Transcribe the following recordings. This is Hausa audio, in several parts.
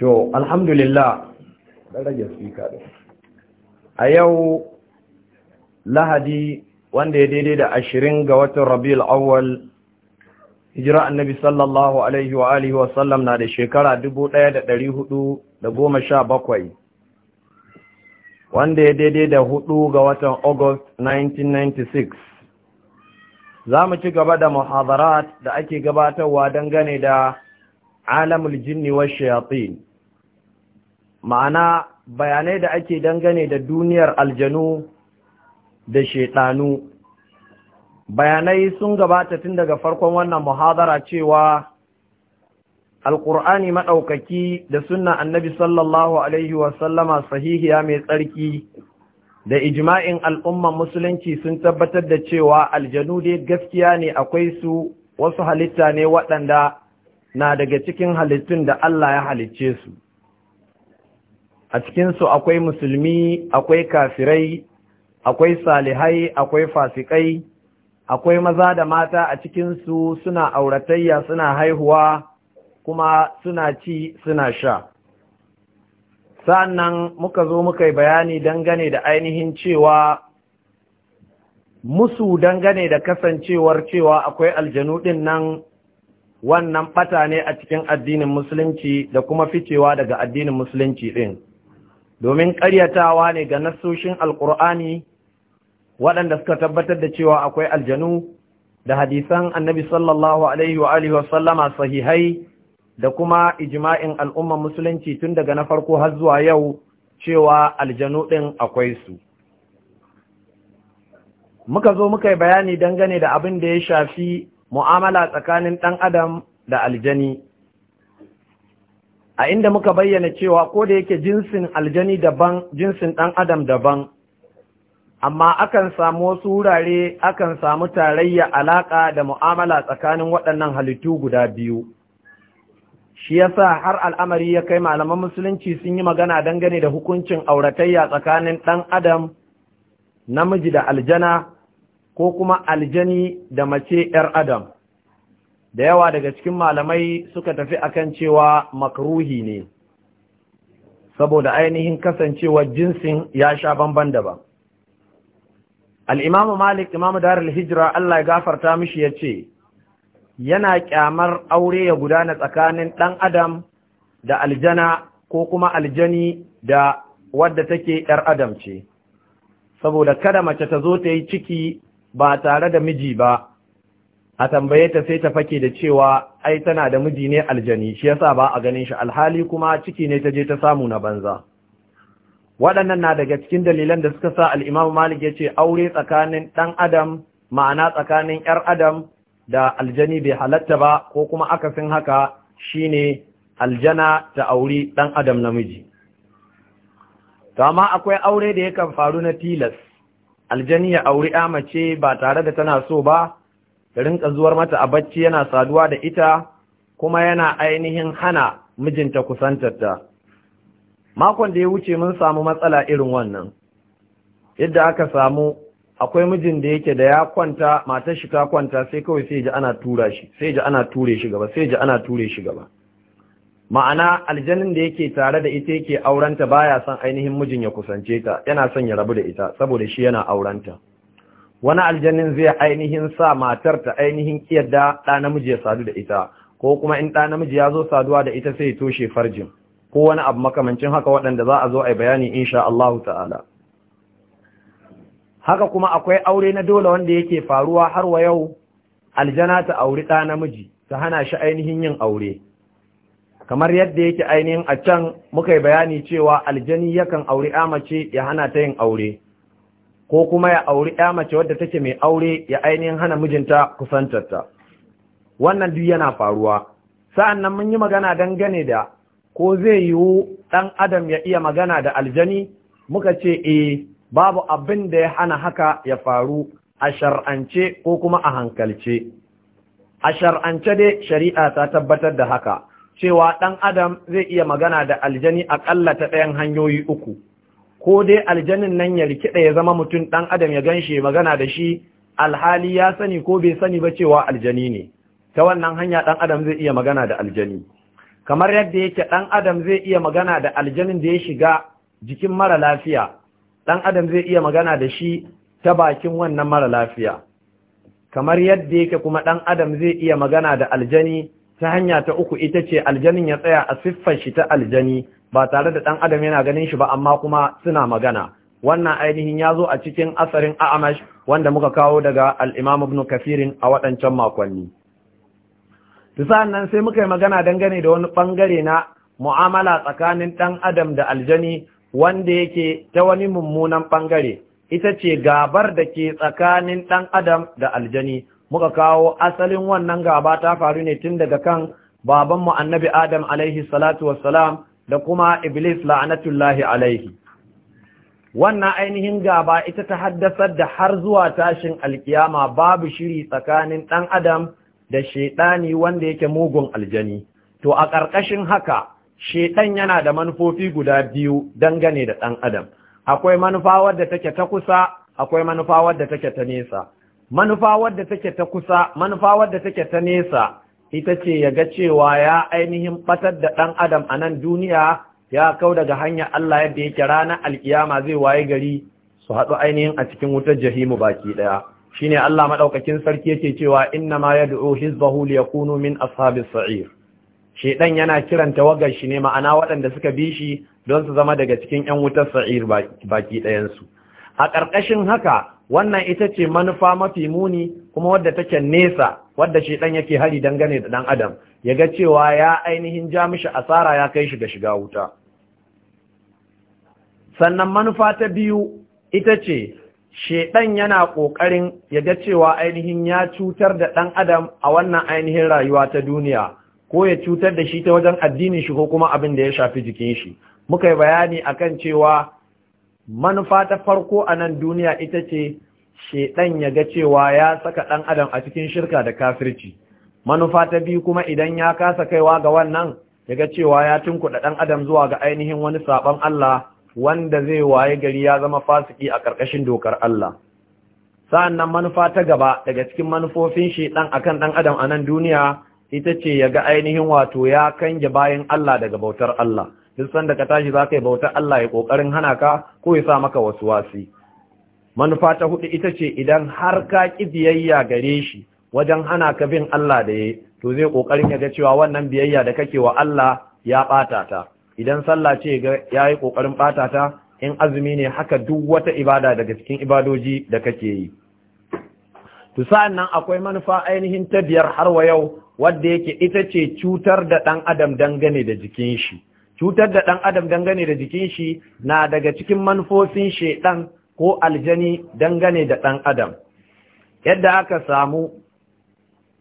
to alhamdulillah dan rage spika din a yau lahadi wanda ya daidai da ashirin ga watan rabiul awwal hijira annabi sallallahu alaihi wa alihi wa sallam na da shekara bakwai, wanda ya daidai da 4 ga watan august 1996 za mu ci gaba da muhadarat da ake gabatarwa dangane da alamul jinni wa shayatin ma'ana bayanai da ake dangane da duniyar aljanu da shaitanu bayanai sun gabata tun daga farkon wannan muhadara cewa alƙur'ani maɗaukaki da sunna annabi sallallahu alaihi wasallama sahihiya mai tsarki da ijma'in al'umman musulunci sun tabbatar da cewa aljanu dai gaskiya ne akwai su wasu halitta ne waɗanda na daga cikin halittun da Allah ya halicce su a cikinsu akwai musulmi akwai kafirai akwai salihai akwai fasikai akwai maza da mata a cikinsu suna auratayya suna haihuwa kuma suna ci suna sha sannan muka zo muka yi bayani dangane da ainihin cewa musu dangane da kasancewar cewa akwai aljanu din nan wannan bata ne a cikin addinin musulunci da kuma ficewa daga addinin musulunci ɗin. domin ƙaryatawa ne ga nasoshin alƙur'ani waɗanda suka tabbatar da cewa akwai aljanu da hadisan annabi sallallahu alaihi wa wa sallama sahihai da kuma ijma'in al'ummar musulunci tun daga na farko har zuwa yau cewa aljanu ɗin akwai su muka zo muka yi bayani dangane da abin da ya shafi mu'amala tsakanin ɗan adam da aljani a inda muka bayyana cewa ko da yake jinsin aljani daban jinsin ɗan adam daban amma akan samu wasu wurare akan samu tarayya alaƙa da mu'amala tsakanin waɗannan halittu guda biyu shi yasa har al'amari ya kai malaman musulunci sun yi magana dangane da hukuncin auratayya tsakanin ɗan adam namiji da aljana ko kuma aljani da mace ‘yar adam da yawa daga cikin malamai suka tafi akan cewa makruhi ne saboda ainihin kasancewa jinsin ya sha bamban daban al'imamu malik imamu darul hijira Allah ya gafarta mishi ya ce yana kyamar aure ya gudana tsakanin ɗan adam da aljana ko kuma aljani da wadda take ‘yar adam ce saboda kada mace ta zo ta yi ciki ba tare da miji ba a tambaye ta sai ta fake da cewa ai tana da miji ne aljani shi yasa ba a ganin shi alhali kuma ciki ne ta je ta samu na banza waɗannan na daga cikin dalilan da suka sa al'imam malik ya ce aure tsakanin ɗan adam ma'ana tsakanin ‘yar adam da aljani bai halatta ba ko kuma akasin haka shine aljana ta aure ɗan adam namiji amma akwai aure da yakan faru na tilas aljani ya auri ya mace ba tare da tana so ba da rinka zuwar mata a bacci yana saduwa da ita kuma yana ainihin hana mijinta kusantarta makon da ya wuce mun samu matsala irin wannan yadda aka samu akwai mijin da yake da ya kwanta matar shi ta kwanta sai kawai sai ji ana tura shi sai ji ana ture shi gaba sai ji ana ture shi gaba ma'ana aljanin da yake tare da ita yake aurenta baya son ainihin mijin ya kusance ta yana son ya rabu da ita saboda shi yana aurenta wani aljanin zai ainihin sa matar ta ainihin kiyarda ɗa namiji ya sadu da ita ko kuma in ɗa namiji ya zo saduwa da ita sai toshe farjin ko wani abu makamancin haka waɗanda za a zo a bayani insha Allah ta'ala haka kuma akwai aure na dole wanda yake faruwa har wa yau aljana ta auri ɗa namiji ta hana shi ainihin yin aure kamar yadda yake ainihin a can muka yi bayani cewa aljani yakan auri amace ya hana ta yin aure ko kuma ya auri ya mace wadda take mai aure ya ainihin hana mijinta kusantarta wannan duk yana faruwa sa'an nan mun yi magana dangane da ko zai yiwu ɗan adam ya iya magana da aljani muka ce e babu abin da ya hana haka ya faru a shar'ance ko kuma a hankalce a shar'ance dai shari'a ta tabbatar da haka cewa ɗan adam zai iya magana da aljani aƙalla ta ɗayan hanyoyi uku ko dai aljanin nan ya rikida ya zama mutum ɗan adam ya ganshi magana da shi alhali ya sani ko bai sani ba cewa aljani ne ta wannan hanya dan adam zai iya magana da aljani kamar yadda yake dan adam zai iya magana da aljanin da ya shiga jikin mara lafiya ɗan adam zai iya magana da shi ta bakin wannan mara lafiya kamar yadda yake kuma ɗan adam zai iya magana da aljani ta hanya ta uku ita ce aljanin ya tsaya a siffar shi ta aljani ba tare da ɗan adam yana ganin shi ba amma kuma suna magana wannan ainihin ya zo a cikin asarin a'amash wanda muka kawo daga al'imam ibn kafirin a waɗancan makonni sa'an nan sai muka yi magana dangane da wani ɓangare na mu'amala tsakanin ɗan adam da aljani wanda yake ta wani mummunan ɓangare ita ce gabar da ke tsakanin ɗan adam da aljani muka kawo asalin wannan gaba ta faru ne tun daga kan babanmu annabi adam alaihi salatu wassalam da kuma iblis la'anatullahi alaihi wannan ainihin gaba ita ta haddasar da har zuwa tashin alkiyama babu shiri tsakanin ɗan adam da shaidani wanda yake mugun aljani to a ƙarƙashin haka shaiɗan yana da manufofi guda biyu dangane da ɗan adam akwai manufa wadda take ta kusa akwai manufa wadda take ta nesa manufa wadda take ta kusa manufa wadda take ta nesa ita ce ya ga cewa ya ainihin batar da ɗan adam a nan duniya ya kau daga hanyar Allah yadda yake ranar alkiyama zai waye gari su haɗu ainihin a cikin wutar jahimu baki ɗaya shine Allah maɗaukakin sarki yake cewa inna ma ya yad'u ya liyakunu min ashabis sa'ir shedan yana kiran tawagar shi ne ma'ana waɗanda suka bi shi don su zama daga cikin 'yan wutar sa'ir baki ɗayansu. a ƙarƙashin haka wannan ita ce manufa mafi muni kuma wadda take nesa wadda shi dan yake hari dangane da dan adam yaga cewa ya ainihin ja mishi asara ya kai shi ga shiga wuta sannan manufa ta biyu ita ce shedan yana kokarin yaga cewa ainihin ya cutar da dan adam a wannan ainihin rayuwa ta duniya ko ya cutar da shi ta wajen addinin shi ko kuma abin da ya shafi jikin shi muka yi bayani akan cewa manufa ta farko a nan duniya ita ce shedan ya ga cewa ya saka ɗan adam a cikin shirka da kafirci manufa ta biyu kuma idan ya kasa kaiwa ga wannan ya ga cewa ya tunkuɗa ɗan adam zuwa ga ainihin wani sabon Allah wanda zai waye gari ya zama fasiki a ƙarƙashin dokar Allah sa'annan manufa ta gaba daga cikin manufofin shedan akan ɗan adam a nan duniya ita ce ya ga ainihin wato ya kange bayan Allah daga bautar Allah duk sanda ka tashi za ka yi bautar Allah ya ƙoƙarin hana ka ko ya sa maka wasu wasi manufa ta hudu ita ce idan har ka ƙi biyayya gare shi wajen hana ka bin Allah da ya to zai ƙoƙarin ya ga cewa wannan biyayya da kake wa Allah ya ɓata ta idan sallah ce ya yi ƙoƙarin ɓata ta in azumi ne haka duk wata ibada daga cikin ibadoji da kake yi to sa'an nan akwai manufa ainihin ta biyar har wa yau wadda yake ita ce cutar da ɗan adam dangane da jikin shi cutar da ɗan adam dangane da jikin shi na daga cikin manufofin shaiɗan ko aljani dangane da ɗan adam yadda aka samu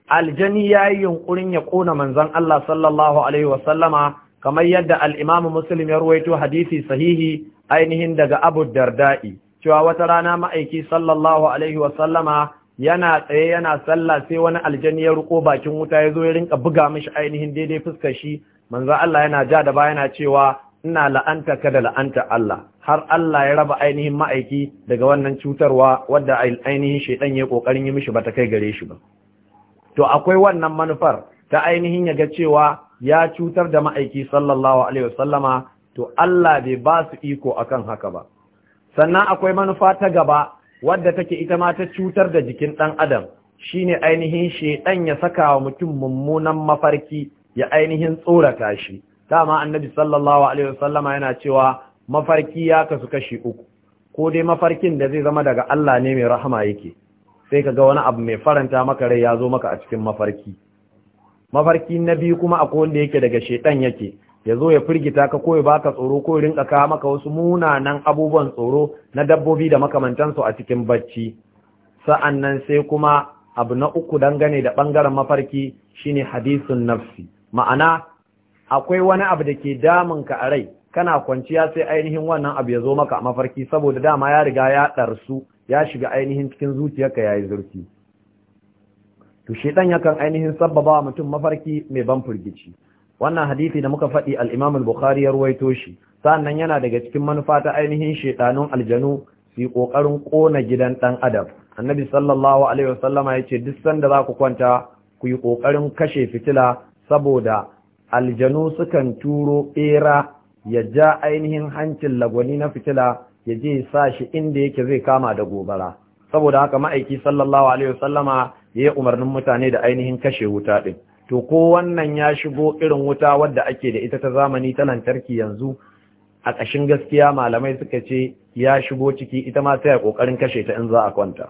aljani ya yi yunkurin ya ƙona manzan Allah sallallahu Alaihi wasallama kamar yadda al'imamu Musulmi ya ruwaito hadisi sahihi ainihin daga abu darda'i cewa wata rana ma'aiki sallallahu Alaihi wasallama yana tsaye yana sallah sai wani aljani ya ruko bakin wuta ya zo ya rinka buga mishi ainihin daidai fuskar shi manzo Allah yana ja da bayana cewa ina la'anta ka da la'anta Allah har Allah ya raba ainihin ma'aiki daga wannan cutarwa wadda ainihin shaidan ya kokarin yi mishi bata kai gare shi ba to akwai wannan manufar ta ainihin ya ga cewa ya cutar da ma'aiki sallallahu alaihi wasallama to Allah bai ba su iko akan haka ba sannan akwai manufa ta gaba wadda take ita ma ta cutar da jikin dan adam shine ainihin shaidan ya saka wa mutum mummunan mafarki ya ainihin tsoraka shi dama annabi sallallahu alaihi wasallama yana cewa mafarki ya kasu kashi uku ko dai mafarkin da zai zama daga Allah ne mai rahama yake sai ka ga wani abu mai faranta maka rai ya zo maka a cikin mafarki mafarki na biyu kuma akwai wanda yake daga shedan yake ya zo ya firgita ka ko ya baka tsoro ko ya rinka kawo maka wasu munanan abubuwan tsoro na dabbobi da su a cikin bacci sa'annan sai kuma abu na uku dangane da bangaren mafarki shine hadisun nafsi ma'ana akwai wani abu da ke damun ka a rai kana kwanciya sai ainihin wannan abu ya zo maka a mafarki saboda dama ya riga ya ɗarsu ya shiga ainihin cikin zuciyarka ya yi zurfi to shedan yakan ainihin sabbaba mutum mafarki mai ban firgici. wannan hadisi da muka faɗi al-Imam al-Bukhari ya ruwaito shi sannan yana daga cikin manufa ta ainihin shedanun aljanu su ƙoƙarin kona gidan dan adam annabi sallallahu alaihi wasallama yace duk sanda za ku kwanta ku yi kokarin kashe fitila saboda aljanu sukan turo ɓera ya ja ainihin hancin lagwani na fitila ya je sa shi inda yake zai kama da gobara saboda haka ma'aiki sallallahu alaihi wasallama ya yi umarnin mutane da ainihin kashe wuta din, to ko wannan ya shigo irin wuta wadda ake da ita ta zamani ta lantarki yanzu a ƙashin gaskiya malamai suka ce ya shigo ciki ita ma sai a ƙoƙarin kashe ta in za a kwanta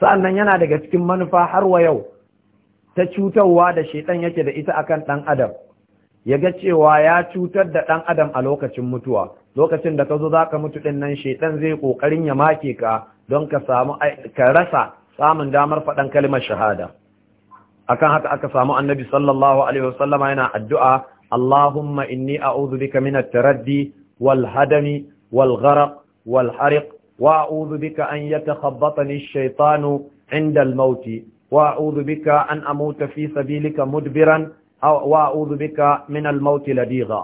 sa'annan yana daga cikin manufa har wa yau ta cutarwa da shaitan yake da ita akan ɗan adam ya ga cewa ya cutar da ɗan adam a lokacin mutuwa lokacin da ka zo zaka mutu ɗin nan shaitan zai ƙoƙarin ya make ka don ka samu ka rasa samun damar faɗan kalmar shahada akan haka aka samu annabi sallallahu alaihi wasallama yana addu'a Allahumma inni a'udhu bika min at-taraddi wal hadami wal gharq wal hariq wa a'udhu bika an yatakhabbatani ash-shaytanu 'inda al mauti وأعوذ بك أن أموت في سبيلك مدبرا أو وأعوذ بك من الموت لديغا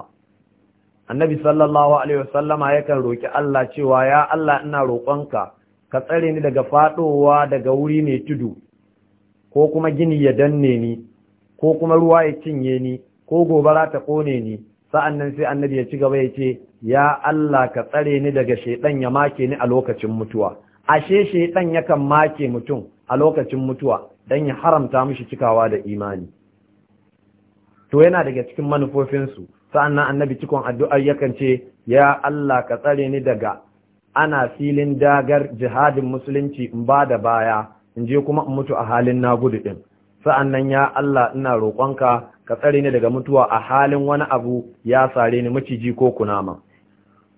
النبي صلى الله عليه وسلم يكن روكي الله cewa ya Allah ina roƙonka ka tsare ni daga faɗowa daga wuri mai tudu ko kuma gini ya danne ni ko kuma ruwa ya cinye ni ko gobara ta kone ni sa'annan sai annabi ya ci gaba ya ce ya Allah ka tsare ni daga shaidan ya make ni a lokacin mutuwa ashe shaidan yakan make mutum a lokacin mutuwa dan ya haramta mishi cikawa da imani to yana daga cikin manufofinsu sa'annan annabi cikon addu'ar yakan ce ya Allah ka tsare ni daga ana filin dagar jihadin musulunci in ba da baya in je kuma in mutu a halin nagudu din sa'annan ya Allah ina roƙonka ka tsare ni daga mutuwa a halin wani abu ya sare ni maciji ko kunama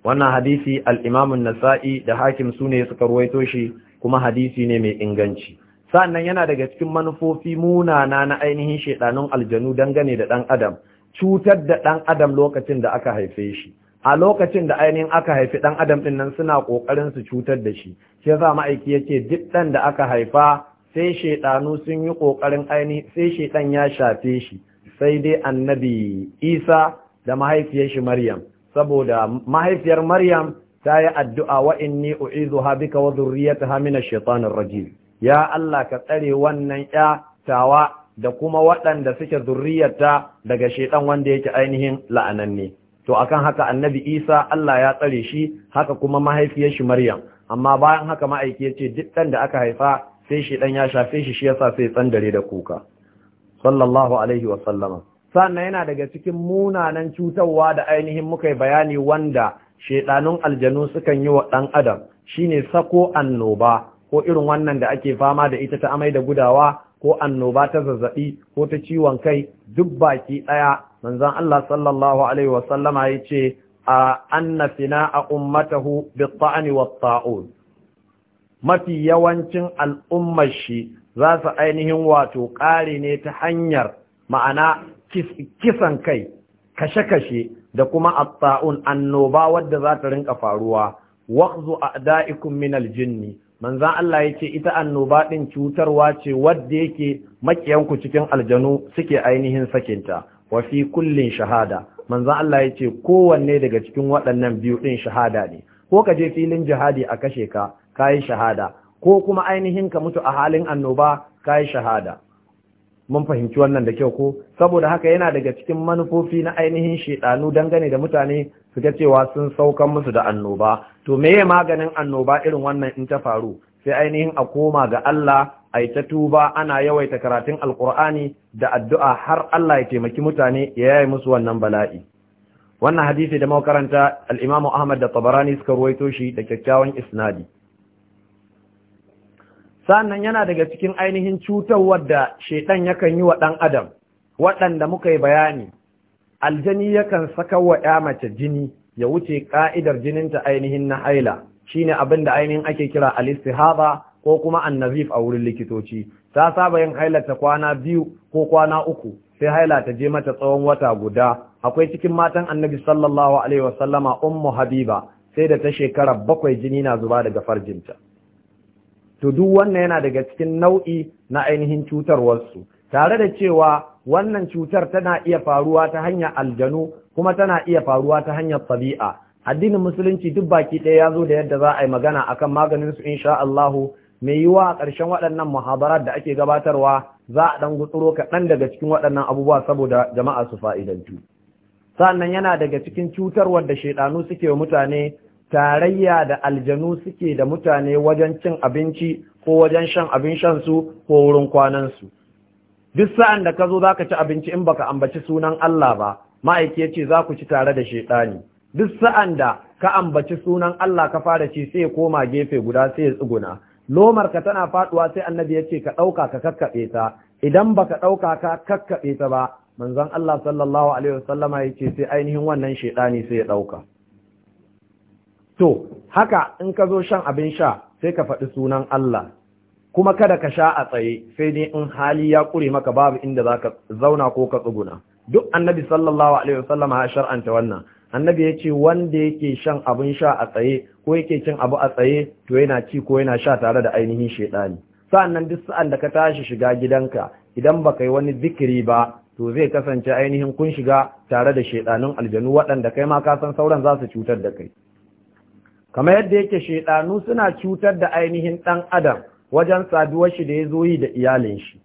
wannan hadisi al-Imam an-Nasa'i da Hakim sune suka ruwaito shi kuma hadisi ne mai inganci sannan yana daga cikin manufofi munana na ainihin shedanun aljanu dangane da ɗan adam cutar da ɗan adam lokacin da aka haife shi a lokacin da ainihin aka haifi ɗan adam ɗin nan suna ƙoƙarin su cutar da shi shi yasa ma'aiki yace duk ɗan da aka haifa sai shedanu sun yi ƙoƙarin ainihin sai shedan ya shafe shi sai dai annabi Isa da mahaifiyar shi Maryam saboda mahaifiyar Maryam ta yi addu'a wa inni u'izuha bika wa dhurriyyataha hamina shaitanir rajim ya Allah ka tsare wannan ya tawa da kuma waɗanda suke zurriyarta daga shaidan wanda yake ainihin la'ananne to akan haka annabi Isa Allah ya tsare shi haka kuma mahaifiyar shi Maryam amma bayan haka ma'aiki ce duk ɗan da aka haifa sai shaidan ya shafe shi shi yasa sai tsandare da kuka sallallahu alaihi wa sallama sannan yana daga cikin munanan cutarwa da ainihin muka yi bayani wanda shaiɗanun aljanu sukan yi wa ɗan adam shine sako annoba ko irin wannan da ake fama da ita ta amai da gudawa ko annoba ta zazzabi ko ta ciwon kai duk baki daya manzon Allah sallallahu alaihi wasallama yace a anna a ummatahu bi tan wa taun mafi yawancin al'ummar shi za su ainihin wato ƙare ne ta hanyar ma'ana kisan kai kashe-kashe da kuma atta'un annoba wadda za ta rinka faruwa waqzu a'da'ikum min al-jinni manzan Allah ya ce ita annoba ɗin cutarwa ce wadda yake makiyanku cikin aljanu suke ainihin sakinta wafi kullin shahada manzan Allah ya ce kowanne daga cikin waɗannan biyu ɗin shahada ne ko ka je filin jihadi a kashe ka kayi shahada ko kuma ainihin ka mutu a halin annoba kayi shahada mun fahimci wannan da kyau ko saboda haka yana daga cikin manufofi na ainihin shedanu dangane da mutane su ga cewa sun saukan musu da annoba to meye maganin annoba irin wannan in ta faru sai ainihin a koma ga Allah ai ta tuba ana yawaita karatun alkur'ani da addu'a har Allah ya taimaki mutane ya yaye musu wannan bala'i wannan hadisi da makaranta al-Imam Ahmad da Tabarani suka ruwaito shi da kyakkyawan isnadi sannan yana daga cikin ainihin cutar wadda shaidan yakan yi wa ɗan adam waɗanda muka yi bayani aljani yakan saka wa ya mace jini ya wuce ka'idar jininta ainihin na haila shine abin da ainihin ake kira al ko kuma annazif a wurin likitoci ta saba yin haila ta kwana biyu ko kwana uku sai haila ta je mata tsawon wata guda akwai cikin matan annabi sallallahu alaihi wasallama ummu habiba sai da ta shekara bakwai jini na zuba daga farjinta to duk wannan yana daga cikin nau'i na ainihin cutarwarsu tare da cewa wannan cutar tana iya faruwa ta hanyar aljanu kuma tana iya faruwa ta hanyar tabi'a addinin musulunci duk baki ɗaya ya zo da yadda za a yi magana akan maganin su insha Allahu mai yiwa a ƙarshen waɗannan muhabarat da ake gabatarwa za a ɗan gutsuro kaɗan daga cikin waɗannan abubuwa saboda jama'a su fa'idantu sannan yana daga cikin cutarwar da shaidanu suke wa mutane tarayya da aljanu suke da mutane wajen cin abinci ko wajen shan abin shansu ko wurin kwanansu duk sa'an da ka zo za ka ci abinci in baka ambaci sunan Allah ba ma'aike ce za ku ci tare da shaiɗani duk sa'an da ka ambaci sunan Allah ka fara ci sai koma gefe guda sai ya tsuguna lomar ka tana faduwa sai annabi ya ce ka ɗauka ka kakkaɓe ta idan baka ɗauka ka kakkaɓe ta ba manzon Allah sallallahu alaihi wasallama ya ce sai ainihin wannan shaidani sai ya ɗauka to haka in ka zo shan abin sha sai ka faɗi sunan Allah kuma kada ka sha a tsaye sai dai in hali ya ƙure maka babu inda za ka zauna ko ka tsuguna duk annabi sallallahu alaihi ya shar'anta wannan annabi ya ce wanda yake shan abin sha a tsaye ko yake cin abu a tsaye to yana ci ko yana sha tare da ainihin shaidani sa'annan duk sa'an da ka tashi shiga gidanka idan baka yi wani zikiri ba to zai kasance ainihin kun shiga tare da shaidanun aljanu waɗanda kai ma ka san sauran za su cutar da kai kamar yadda yake shaidanu suna cutar da ainihin ɗan adam wajen saduwar shi da ya zo yi da iyalin shi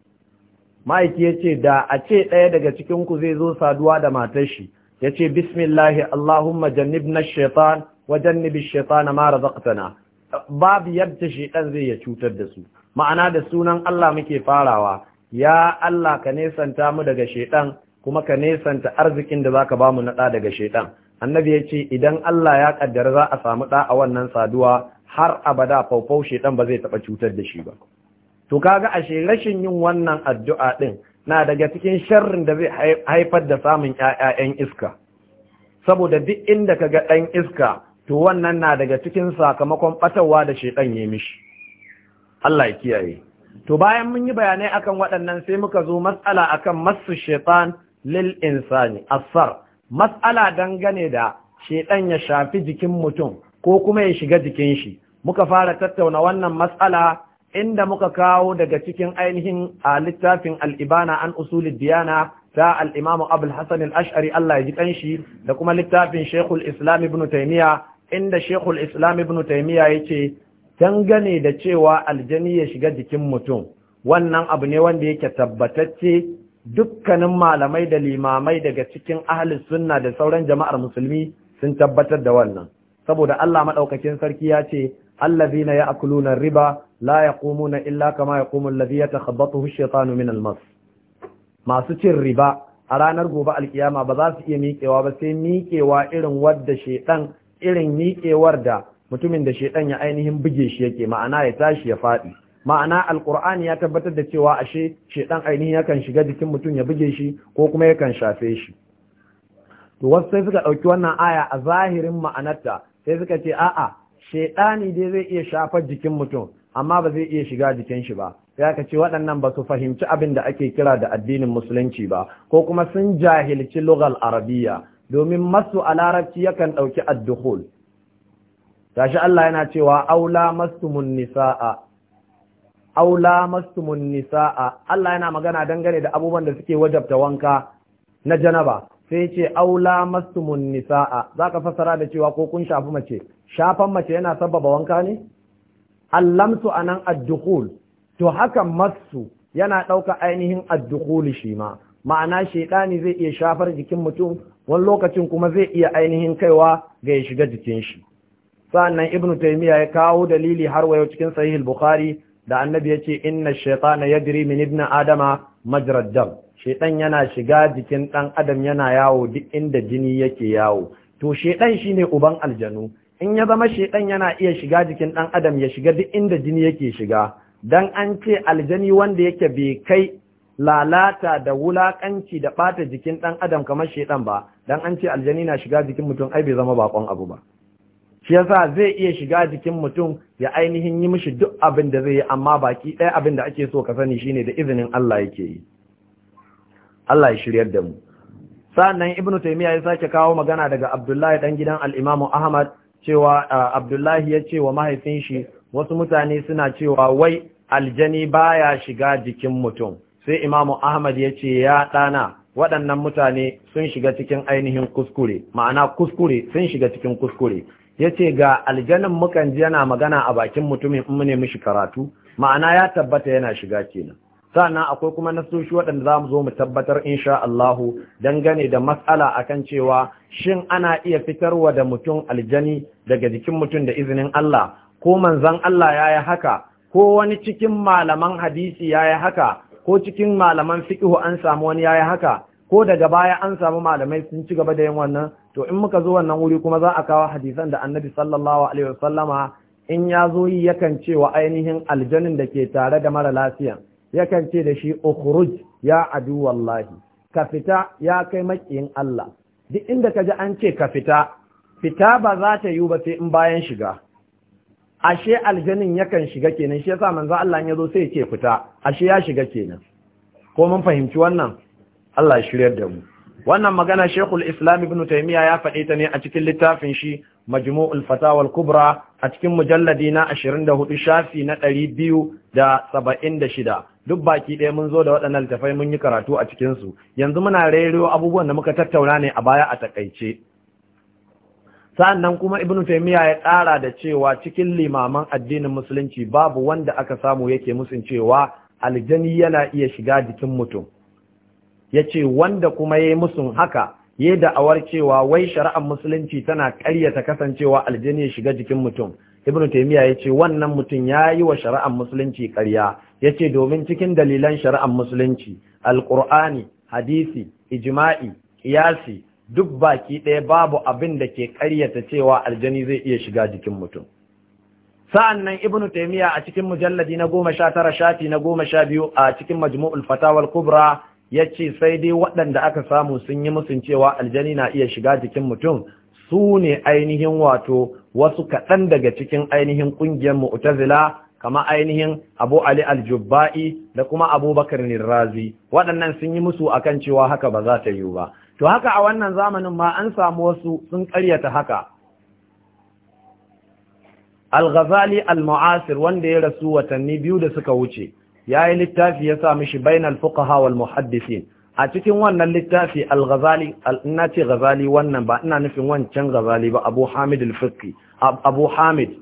ma'aiki ya ce da a ce ɗaya daga cikin ku zai zo saduwa da matar shi ya ce bismillahi allahumma jannib na shaitan wa jannibi na mara zaƙatana. babu yadda shaiɗan zai ya cutar da su ma'ana da sunan Allah muke farawa ya Allah ka nesanta mu daga shaiɗan, kuma ka nesanta arzikin da zaka mu naɗa daga shaiɗan. annabi ya ce idan Allah ya kaddara za a samu da a wannan saduwa har abada faufau shedan ba zai taɓa cutar da shi ba to kaga ashe rashin yin wannan addu'a ɗin na daga cikin sharrin da zai haifar da samun ƴaƴan iska saboda duk inda kaga ɗan iska to wannan na daga cikin sakamakon batawa da shedan yayi mishi Allah ya kiyaye to bayan mun yi bayanai akan waɗannan sai muka zo matsala akan masu shaytan lil insani asar matsala dangane da shedan ya shafi jikin mutum ko kuma ya shiga jikin shi muka fara tattauna wannan matsala inda muka kawo daga cikin ainihin a littafin al'ibana an usuli diyana ta al'imamu abul hassan al'ashari Allah ya ji ƙanshi da kuma littafin shekul islam ibn taimiyya inda shekul islam ibn taimiyya ya ce dangane da cewa aljani ya shiga jikin mutum wannan abu ne wanda yake tabbatacce dukkanin malamai da limamai daga cikin ahlus sunna da sauran jama'ar musulmi sun tabbatar da wannan saboda Allah madaukakin sarki ya ce allazina ya'kuluna riba la yaqumuna illa kama yaqumu allazi yatakhabbathu ash-shaytanu min al-mas masu cin riba a ranar gobe alkiyama ba za su iya miƙewa ba sai miƙewa irin wadda shedan irin miƙewar da mutumin da shedan ya ainihin buge shi yake ma'ana ya tashi ya faɗi ma'ana alqur'ani ya tabbatar da cewa ashe shedan ya yakan shiga jikin mutum ya buge shi ko kuma yakan shafe shi to wasu sai suka dauki wannan aya a zahirin ma'anarta sai suka ce a'a shedani dai zai iya shafar jikin mutum amma ba zai iya shiga jikin shi ba sai aka ce waɗannan ba su fahimci abin da ake kira da addinin musulunci ba ko kuma sun jahilci lugal arabiya domin masu a larabci yakan ɗauki addukhul tashi Allah yana cewa aula mastumun nisa'a aula lamastumun nisaa Allah yana magana dangane da abubuwan da suke wajabta wanka na janaba sai ce aula lamastumun nisaa zaka fassara da cewa ko kun shafi mace shafan mace yana sababa wanka ne allamtu anan ad to haka masu yana ɗauka ainihin ad shi ma ma'ana shaytani zai iya shafar jikin mutum wani lokacin kuma zai iya ainihin kaiwa ga ya shiga jikin shi sannan ibnu taymiya ya kawo dalili har wayo cikin sahih bukhari da annabi ya ce inna shaitana ya min ibn adama majrad dam shaitan yana shiga jikin dan adam yana yawo duk inda jini yake yawo to shaitan shine uban aljanu in ya zama shaitan yana iya shiga jikin ɗan adam ya shiga duk inda jini yake shiga dan an ce aljani wanda yake bai kai lalata da wulakanci da ɓata jikin ɗan adam kamar shaitan ba dan an ce aljani na shiga jikin mutum ai bai zama bakon abu ba shi yasa zai iya shiga jikin mutum ya ainihin yi mishi duk abin da zai yi amma baki ɗaya abin da ake so ka sani shine da izinin Allah yake yi Allah ya shiryar da mu sannan ibnu taymiya ya sake kawo magana daga abdullahi dan gidan al-imam ahmad cewa abdullahi ya ce wa mahaifin shi wasu mutane suna cewa wai aljani baya shiga jikin mutum sai Imam ahmad ya ce ya ɗana waɗannan mutane sun shiga cikin ainihin kuskure ma'ana kuskure sun shiga cikin kuskure Ya ce ga aljanin mukan ji yana magana a bakin mutumin in mune mishi karatu ma'ana ya tabbata yana shiga kenan sannan akwai kuma nasoshi waɗanda za mu zo mu tabbatar insha Allahu dangane da matsala akan cewa shin ana iya fitarwa da mutum aljani daga jikin mutum da izinin Allah ko manzon Allah ya yi haka ko wani cikin malaman hadisi ya yi haka ko cikin malaman fiqhu an samu wani yayi haka ko daga baya an samu malamai sun ci gaba da yin wannan to in muka zo wannan wuri kuma za a kawo hadisan da annabi sallallahu alaihi wasallama in ya zo yi yakan ce wa ainihin aljanin da ke tare da mara lafiya yakan ce da shi ukhruj ya adu wallahi ka fita ya kai makiyin Allah duk inda ka ji an ce ka fita fita ba za ta yi ba sai in bayan shiga ashe aljanin yakan shiga kenan shi yasa manzo Allah ya zo sai ya fita ashe ya shiga kenan ko mun fahimci wannan Allah ya shiryar da mu wannan magana Sheikhul Islam Ibn Taymiyyah ya faɗe ta ne a cikin littafin shi Majmu'ul Fatawa al-Kubra a cikin mujalladi na 24 shafi na 276 duk baki ɗaya mun zo da waɗannan littafai mun yi karatu a cikin su yanzu muna rairo abubuwan da muka tattauna ne a baya a takaice sannan kuma ibnu taymiya ya ƙara da cewa cikin limaman addinin musulunci babu wanda aka samu yake musun cewa aljani yana iya shiga jikin mutum yace wanda kuma yayi musun haka yi da'awar cewa wai shari'ar musulunci tana ƙaryata kasancewa aljani ya shiga jikin mutum ibnu ya ce wannan mutum yayi wa shari'ar musulunci ƙarya yace domin cikin dalilan shari'ar musulunci alqur'ani hadisi Ijima'i, qiyasi duk baki ɗaya babu abin da ke ƙaryata cewa aljani zai iya shiga jikin mutum Sa'annan, nan ibn taimiyya a cikin mujalladi na goma sha tara shafi na goma sha biyu a cikin majmu'ul fatawal kubra ya ce sai dai waɗanda aka samu sun yi musun cewa aljani na iya shiga jikin mutum su ne ainihin wato wasu kaɗan daga cikin ainihin ƙungiyar mu'tazila kama ainihin abu ali aljubba'i da kuma abubakar nirrazi waɗannan sun yi musu akan cewa haka ba za ta yiwu ba to haka a wannan zamanin ma an samu wasu sun karyata haka al-ghazali al-mu'asir wanda ya rasu watanni biyu da suka wuce yayi littafi ya sa mishi bainal fuqaha wal muhaddisin a cikin wannan littafi al-ghazali ina ce ghazali wannan ba ina nufin wancan ghazali ba abu hamid al-fiqi abu hamid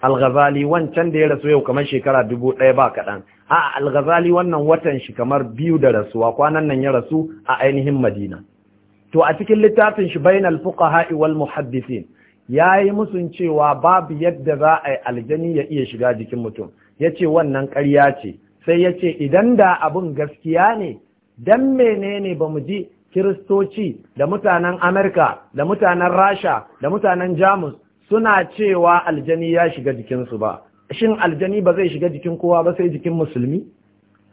al-ghazali wancan da ya rasu yau kamar shekara dubu ɗaya ba kaɗan a al-ghazali wannan watan shi kamar biyu da rasuwa kwanan nan ya rasu a ainihin madina to a cikin littafin shi bainal fuqaha wal muhaddisin yayi musun cewa babu yadda za a yi aljani ya iya shiga jikin mutum yace wannan ƙarya ce sai yace idan da abun gaskiya ne dan menene bamu ji kiristoci da mutanen Amerika da mutanen Rasha da mutanen Jamus suna cewa aljani ya shiga jikinsu ba shin aljani ba zai shiga jikin kowa ba sai jikin musulmi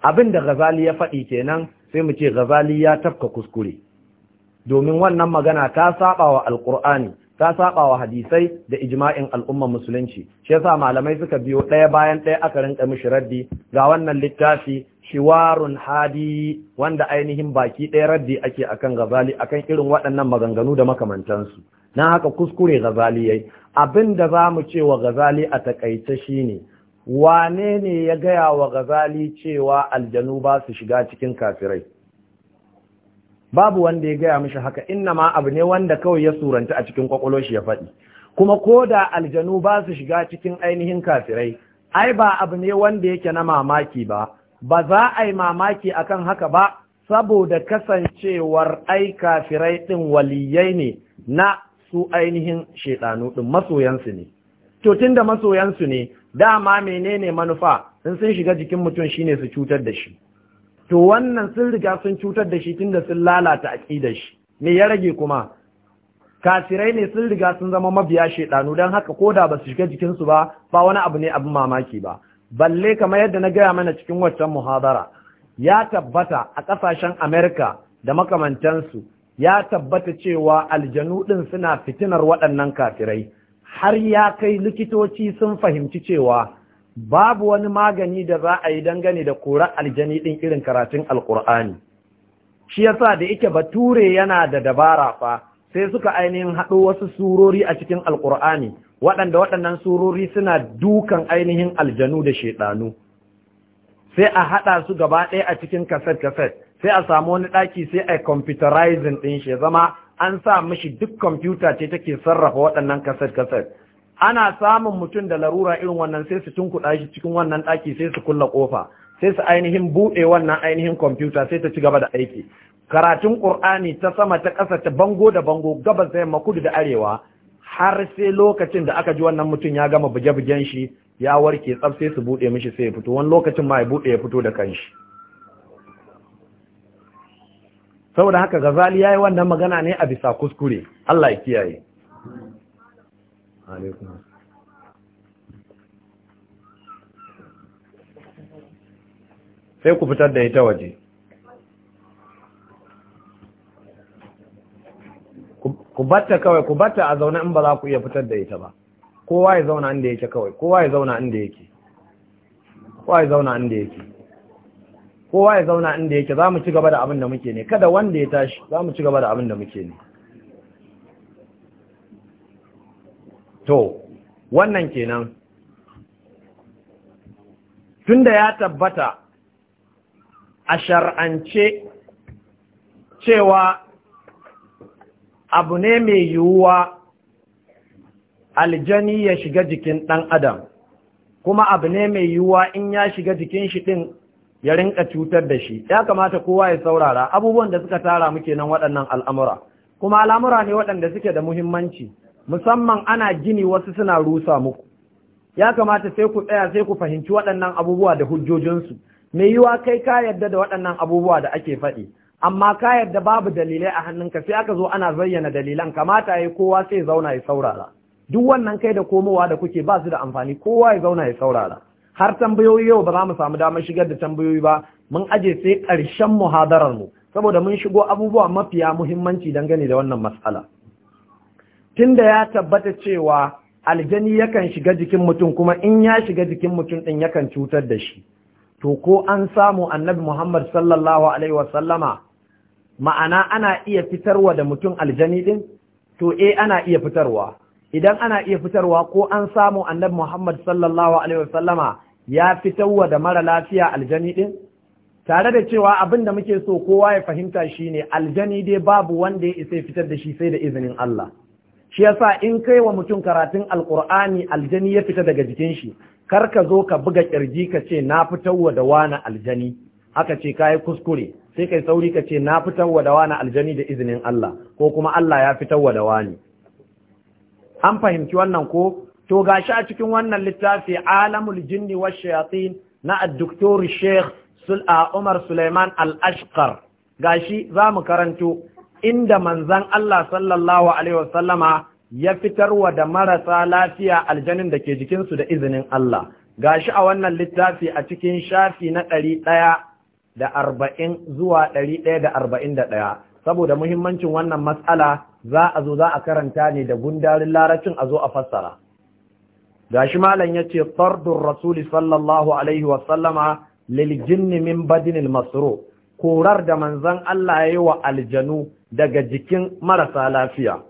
abin da gazali ya faɗi kenan sai mu ce gazali ya tafka kuskure domin wannan magana ta saba wa Alkur'ani, ta saba wa hadisai da ijma'in al'ummar musulunci shi yasa malamai suka biyo ɗaya bayan ɗaya aka rinka mishi raddi ga wannan littafi shiwarun hadi wanda ainihin baki ɗaya raddi ake akan gazali akan irin waɗannan maganganu da makamantansu na haka kuskure gazali yayi abin da za mu ce wa gazali a takaice shine wane ne ya gaya wa gazali cewa aljanu ba su shiga cikin kafirai babu wanda ya gaya mishi haka inna ma abu ne wanda kawai ya suranta a cikin kwakwalwar shi ya faɗi kuma ko da aljanu ba su shiga cikin ainihin kafirai ai ba abu ne wanda yake na mamaki ba ba za a yi mamaki akan haka ba saboda kasancewar ai kafirai ɗin waliyai ne na su ainihin shaiɗanu ɗin masoyansu ne to da masoyansu ne dama menene manufa in sun shiga jikin mutum shine su cutar da shi to wannan sun riga sun cutar da shi tun da sun lalata aqidar shi me ya rage kuma kafirai ne sun riga sun zama mabiya shedanu dan haka koda ba su shiga jikin su ba ba wani abu ne abin mamaki ba balle kamar yadda na gaya mana cikin waccan muhabara ya tabbata a kasashen America da makamantansu ya tabbata cewa aljanu din suna fitinar waɗannan kafirai har ya kai likitoci sun fahimci cewa babu wani magani da za a yi dangane da kura aljani ɗin irin karatun alƙur'ani shi yasa da yake bature yana da dabara fa sai suka ainihin haɗo wasu surori a cikin alƙur'ani waɗanda waɗannan surori suna dukan ainihin aljanu da shaiɗanu sai a haɗa su gaba ɗaya a cikin kaset-kaset sai a samu wani ɗaki sai a computerizing ɗin shi zama an sa mashi duk kwamfuta ce take sarrafa waɗannan kaset-kaset ana samun mutum da larura irin wannan sai su tunkuɗa shi cikin wannan ɗaki sai su kulla ƙofa sai su ainihin buɗe wannan ainihin kwamfuta sai ta ci gaba da aiki karatun ƙur'ani ta sama ta ƙasa ta bango da bango gabas da yamma kudu da arewa har sai lokacin da aka ji wannan mutum ya gama buge-bugen shi ya warke tsaf sai su buɗe mishi sai ya fito wani lokacin ma ya buɗe ya fito da kanshi saboda haka gazali ya yi wannan magana ne a bisa kuskure Allah ya kiyaye sai ku fitar da ita waje ku batta kawai ku batta a zaune in ba za ku iya fitar da ita ba kowa ya zauna inda yake kawai kowa ya zauna inda yake kowa ya zauna inda yake kowa ya zauna inda yake za mu ci gaba da abin da muke ne kada wanda ya tashi za mu ci gaba da abin da muke ne to wannan kenan tunda ya tabbata a shar'ance cewa abu ne mai yiwuwa aljani ya shiga jikin ɗan adam kuma abu ne mai yiwuwa in ya shiga jikin shi ɗin ya rinka cutar da shi ya kamata kowa ya saurara abubuwan da suka tara muke nan waɗannan al'amura kuma al'amura ne waɗanda suke da muhimmanci musamman ana gini wasu suna rusa muku ya kamata sai ku tsaya sai ku fahimci waɗannan abubuwa da hujjojinsu mai yiwa kai ka yarda da waɗannan abubuwa da ake faɗi amma ka yarda babu dalilai a hannunka sai aka zo ana zayyana dalilan kamata ya kowa sai zauna ya saurara duk wannan kai da komowa da kuke ba su da amfani kowa ya zauna ya saurara har tambayoyi yau ba za mu samu damar shigar da tambayoyi ba mun aje sai ƙarshen muhadarar mu saboda mun shigo abubuwa mafiya muhimmanci dangane da wannan matsala da ya tabbata cewa aljani yakan shiga jikin mutum kuma in ya shiga jikin mutum ɗin yakan cutar da shi to ko an samu annabi Muhammad sallallahu alaihi wasallama ma'ana ana iya fitarwa da mutum aljani din to eh ana iya fitarwa idan ana iya fitarwa ko an samu annabi Muhammad sallallahu alaihi wasallama ya fitarwa da mara lafiya aljani din tare da cewa abin da muke so kowa ya fahimta shine aljani dai babu wanda ya isa fitar da shi sai da izinin Allah shi yasa in kai wa mutum karatun Alkur'ani, aljani ya fita daga jikin shi kar ka zo ka buga kirji ka ce na fitarwa da wani aljani aka ce yi kuskure sai kai sauri ka ce na fitarwa da wani aljani da izinin Allah ko kuma Allah ya fitarwa da wani an fahimci wannan ko to gashi a cikin wannan littafi alamul jinni wa shayatin na addoktor sheikh Umar Suleiman Al-Ashqar gashi za mu karanto inda manzan Allah sallallahu alaihi wasallama ya fitarwa da marasa lafiya aljanin da ke jikinsu da izinin Allah gashi a wannan littafi a cikin shafi na ɗari ɗaya da arba'in zuwa ɗari ɗaya da arba'in da ɗaya saboda muhimmancin wannan matsala za a zo za a karanta ne da gundarin laracin a zo a fassara gashi malam ya ce tsardun rasuli sallallahu alaihi wasallama liljinni min badinil masro korar da manzan Allah ya yi wa aljanu daga jikin marasa lafiya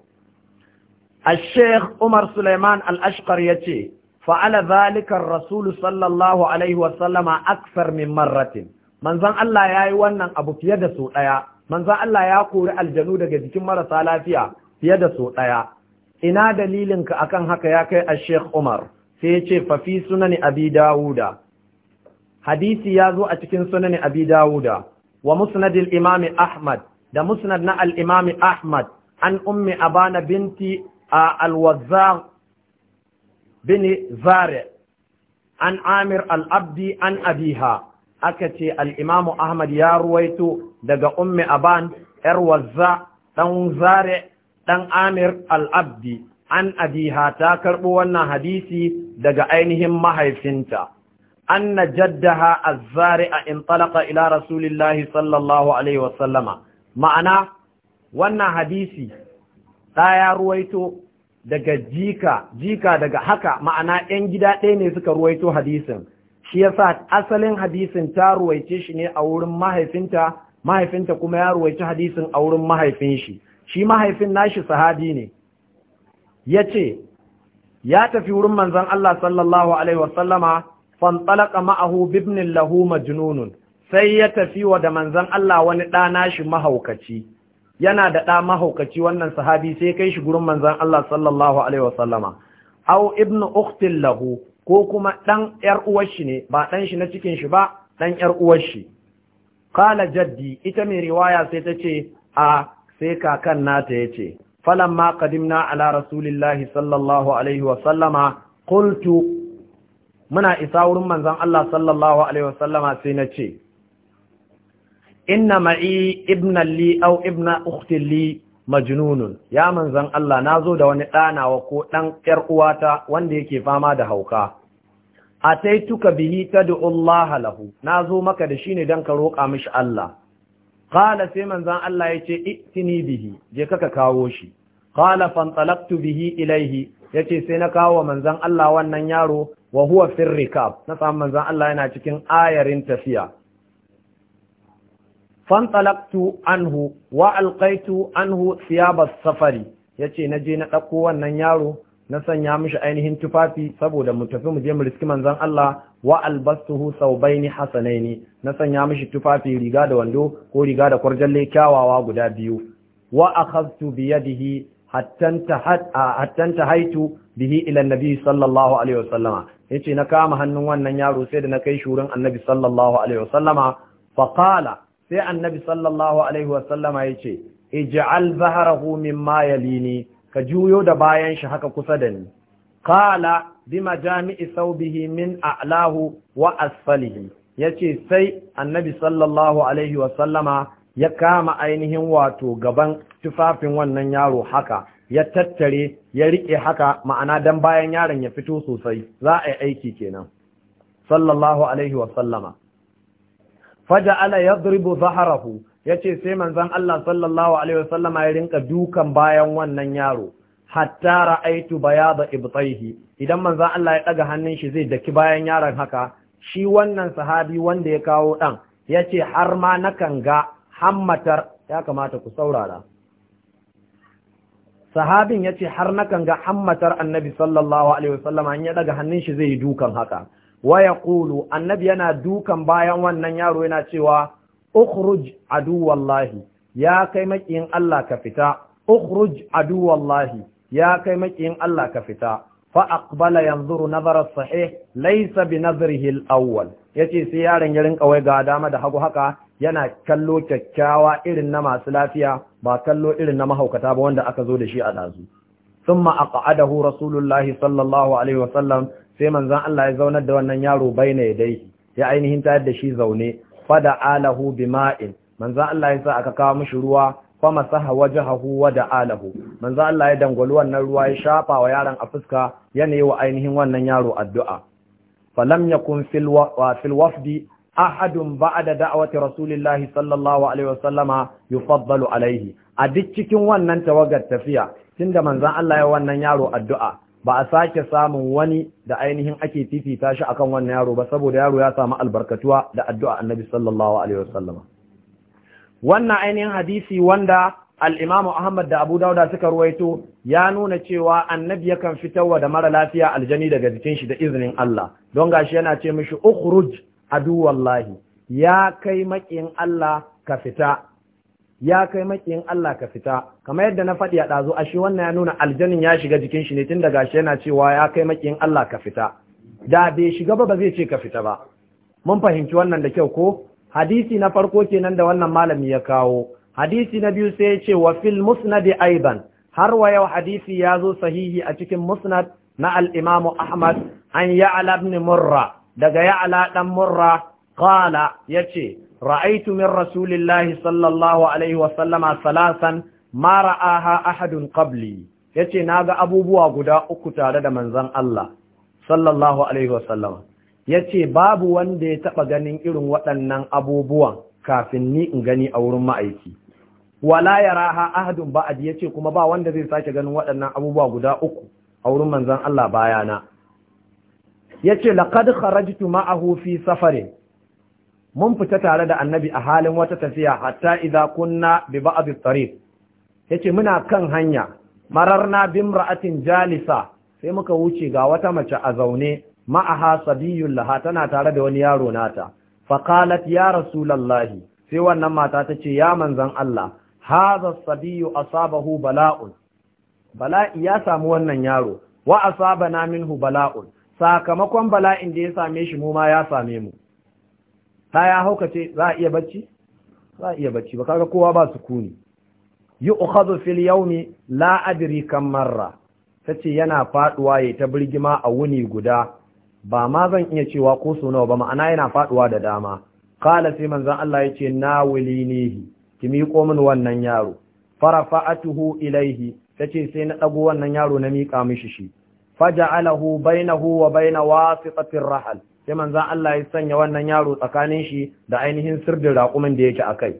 A sheikh umar suleiman al-ashqar ya ce fa'ala zalikar rasulu sallallahu alaihi wasallama aksar min marratin manzan Allah ya yi wannan abu fiye da so ɗaya manzan Allah ya kori aljanu daga jikin marasa lafiya fiye da so ɗaya ina dalilinka akan haka ya kai a sheikh umar sai ya ce fafi sunani abi dawuda hadisi ya zo a cikin sunan abi dawuda wa musnadil imami ahmad da musnad na al-imam Ahmad an ummi Abana binti a wazzaq bin zare an Amir al-Abdi an abiha aka ce al-imam Ahmad ya ruwaito daga ummi Aban yar Wazza dan zare dan Amir al-Abdi an abiha ta karbo wannan hadisi daga ainihin mahaifinta أن جدها الزارع انطلق إلى رسول الله صلى الله عليه وسلم ma'ana wannan hadisi ɗaya ruwaito daga jika jika daga haka ma'ana 'yan gida ɗaya ne suka ruwaito hadisin shi yasa asalin hadisin ta ruwaice shi ne a wurin mahaifinta mahaifinta kuma ya ruwaice hadisin a wurin mahaifin shi shi mahaifin nashi sahadi ne ya ce ya tafi wurin manzan Allah sallallahu alaihi wasallama fantalaka ma'ahu bibnin lahu majnunun sai ya tafi wa da manzan Allah wani ɗana shi mahaukaci yana da ɗa mahaukaci wannan sahabi sai kai shi gurin manzan Allah sallallahu alaihi wasallama au ibnu uktin lahu ko kuma ɗan ƴar uwarshi ne ba ɗan shi na cikin shi ba ɗan ƴar uwarshi kala jaddi ita mai riwaya sai ta ce a sai kakan nata yace ce falan ma ala rasulillahi sallallahu alaihi wasallama kultu muna isa wurin manzan Allah sallallahu alaihi wasallama sai na ce inna ma'i ibnan li aw ibna ukhtin li majnunun ya manzan Allah nazo da wani ɗanawa ko ɗan 'yar uwata wanda yake fama da hauka ataituka bihi tad'u Allah lahu nazo maka da shi ne dan ka roƙa mishi Allah qala sai manzan Allah yace itini bihi je kaka kawo shi qala fantalaqtu bihi ilaihi yace sai na kawo wa manzan Allah wannan yaro wa huwa firrikab na samu manzan Allah yana cikin ayarin tafiya fantalaktu anhu wa alqaitu anhu siyabas safari yace na je na ɗauko wannan yaro na sanya mishi ainihin tufafi saboda mu tafi mu je mu riski manzon Allah wa albastuhu saubaini hasanaini na sanya mishi tufafi riga da wando ko riga da kwarjalle kyawawa guda biyu wa akhadtu bi yadihi hatta tahaitu bihi ila annabi sallallahu alaihi wasallama yace na kama hannun wannan yaro sai da na kai shurin annabi sallallahu alaihi wasallama fa qala sai annabi sallallahu alaihi wasallama ya ce ij'al zahrahu mimma yalini ka juyo da bayan shi haka kusa da ni qala bima jami'i thawbihi min a'lahu wa asfalihi yace sai annabi sallallahu alaihi wasallama ya kama ainihin wato gaban tufafin wannan yaro haka ya tattare ya rike haka ma'ana dan bayan yaron ya fito sosai za a yi aiki kenan sallallahu alaihi wasallama ala yadribu zahrahu yace sai manzon Allah sallallahu alaihi wasallam ya rinka dukan bayan wannan yaro hatta ra'aitu bayada ibtayhi idan manzon Allah ya daga hannun shi zai daki bayan yaron haka shi wannan sahabi wanda ya kawo dan yace har ma nakan ga hammatar ya kamata ku saurara sahabin yace har nakan ga hammatar annabi sallallahu alaihi wasallam an ya daga hannun shi zai dukan haka wa yaqulu annabi yana dukan bayan wannan yaro yana cewa ukhruj adu wallahi ya kai makiyin Allah ka fita ukhruj adu wallahi ya kai makiyin Allah ka fita fa aqbala yanzuru nazara sahih laysa bi nazrihi al-awwal yace sai yaron ya rinka wai ga dama da hagu haka yana kallo kyakkyawa irin na masu lafiya ba kallo irin na mahaukata ba wanda aka zo da shi a dazu thumma aqadahu rasulullahi sallallahu alaihi wasallam sai manzon Allah ya zaunar da wannan yaro baina yadai ya ainihin tayar da shi zaune fada alahu bima'in Manzan Allah ya sa aka kawo mishi ruwa fama saha wajahahu wa Alahu. Manzan Allah ya dangwali wannan ruwa ya shafa wa yaron a fuska yana yi wa ainihin wannan yaro addu'a falam yakun fil wa fil wafdi ahadun ba'da da'awati rasulillahi sallallahu alaihi wasallama yufaddalu alaihi a duk cikin wannan tawagar tafiya tunda Manzan Allah ya wannan yaro addu'a ba a sake samun wani da ainihin ake fifita shi akan wannan yaro ba saboda yaro ya samu albarkatuwa da addu'a annabi sallallahu alaihi wasallam wannan ainihin hadisi wanda al-Imam Ahmad da Abu Dawud suka ruwaito ya nuna cewa annabi yakan fitarwa da mara lafiya aljani daga jikin shi da izinin Allah don gashi yana ce mishi ukhruj adu wallahi ya kai makin Allah ka fita ya kai makiyin Allah ka fita kamar yadda na faɗi a ɗazu a shi wannan ya nuna aljanin ya shiga jikin shi ne tun daga shi yana cewa ya kai makiyin Allah ka fita da bai shiga ba ba zai ce ka fita ba mun fahimci wannan da kyau ko hadisi na farko kenan da wannan malami ya kawo hadisi na biyu sai ya ce wa fil musnad aiban har wa yau hadisi ya zo sahihi a cikin musnad na al-imam Ahmad an ya'la ibn Murra daga ya'la dan Murra qala yace ra'aitu min rasulillahi sallallahu alaihi wasallama salasan ma ra'aha ahadun qabli yace ga abubuwa guda uku tare da manzon Allah sallallahu alaihi yace babu wanda ya taba ganin irin waɗannan abubuwan kafin ni in gani a wurin ma'aiki wala yaraha ahadun ba'd yace kuma ba wanda zai sake ganin waɗannan abubuwa guda uku a wurin manzon Allah bayana yace laqad kharajtu ma'ahu fi safarin mun fita tare da annabi a halin wata tafiya hatta idza kunna bi ba'd at-tariq yace muna kan hanya mararna bimra'atin jalisa sai muka wuce ga wata mace a zaune ma'aha sabiyul laha tana tare da wani yaro nata Fakalat ya rasulullahi sai wannan mata ta ce ya manzan Allah hadha sabiyu asabahu bala'un bala'i ya samu wannan yaro wa asabana minhu bala'un sakamakon bala'in da ya same shi mu ma ya same mu ta ya haukace za a iya bacci za a iya bacci ba kaga kowa ba su kuni. fil yawmi la adri kam marra tace yana faduwa yayi ta birgima a wuni guda ba ma zan iya cewa ko so nawa ba ma'ana yana faduwa da dama qala sai manzon Allah yace na wulinihi ki miko min wannan yaro farafa'atuhu ilaihi tace sai na dago wannan yaro na mika mishi shi faja'alahu bainahu wa baina wasitatir rahal sai manzan Allah ya sanya wannan yaro tsakanin shi da ainihin sirdin raƙumin da yake a kai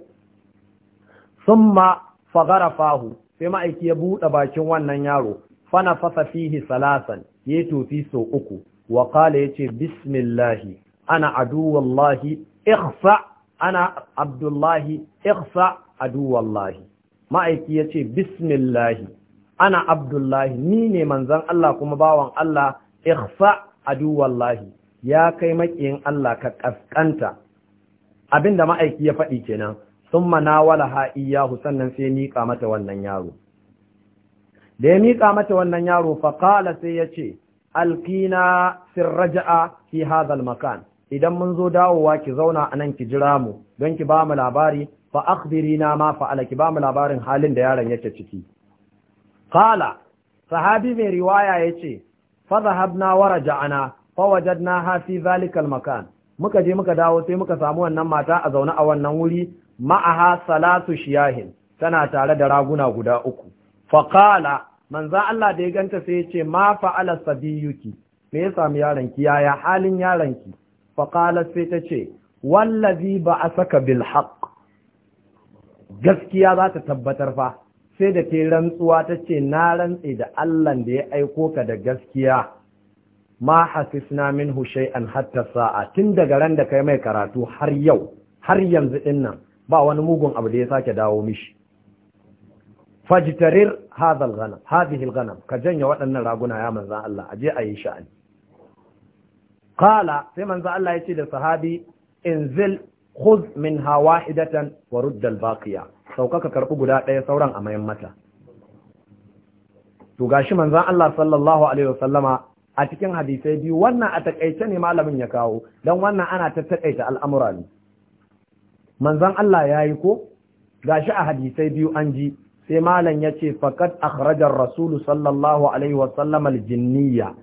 sun ma fagara fahu sai ma'aiki ya buɗe bakin wannan yaro fana fasa fihi salasan ya tofi sau uku wa kala ya ce bismillahi ana aduwallahi ikhfa ana abdullahi ikhfa aduwallahi ma'aiki ya ce bismillahi ana abdullahi ni ne manzan Allah kuma bawan Allah ikhfa aduwallahi ya kai makiyin Allah ka kaskanta abinda ma'aiki ya faɗi kenan sun wala ha'iyahu sannan sai miƙa mata wannan yaro da ya miƙa mata wannan yaro faƙala sai ya ce alƙina sirraja'a fi hazal makan idan mun zo dawowa ki zauna a nan ki jira mu don ki ba mu labari fa akhbirina ma fa'ala ki ba mu labarin halin da yaron yake ciki qala sahabi mai riwaya yace fa zahabna wa raja'ana na fi zalikal makan muka je muka dawo sai muka samu wannan mata a zaune a wannan wuri ma'aha salatu shiyahin tana tare da raguna guda uku Faƙala, manza Allah da ya ganta sai ya ce ma fa'ala sabiyuki me ya samu yaranki yaya halin yaranki Faƙala sai ta ce wallazi saka bil haqq gaskiya za ta tabbatar fa sai da ke rantsuwa ta ce na rantse da Allah da ya aiko ka da gaskiya ma hasisna minhu shay'an hatta sa'a tun daga ran da kai mai karatu har yau har yanzu dinnan ba wani mugun abu da ya sake dawo mishi fajtarir hadha al hadhihi al ka janya waɗannan raguna ya manzon Allah aje ayi sha'ani qala sai manzon Allah yace da sahabi inzil khudh minha wahidatan wa rudd al-baqiya sauka ka karɓi guda ɗaya sauran a mayan mata to gashi manzon Allah sallallahu alaihi wasallama a cikin hadisai biyu wannan a takaice ne malamin ya kawo don wannan ana ta takaita al'amura ne manzon Allah ya yi ko shi a hadisai biyu an ji sai malam ya ce fakat akhrajar rasulu sallallahu alaihi wasallam aljinniya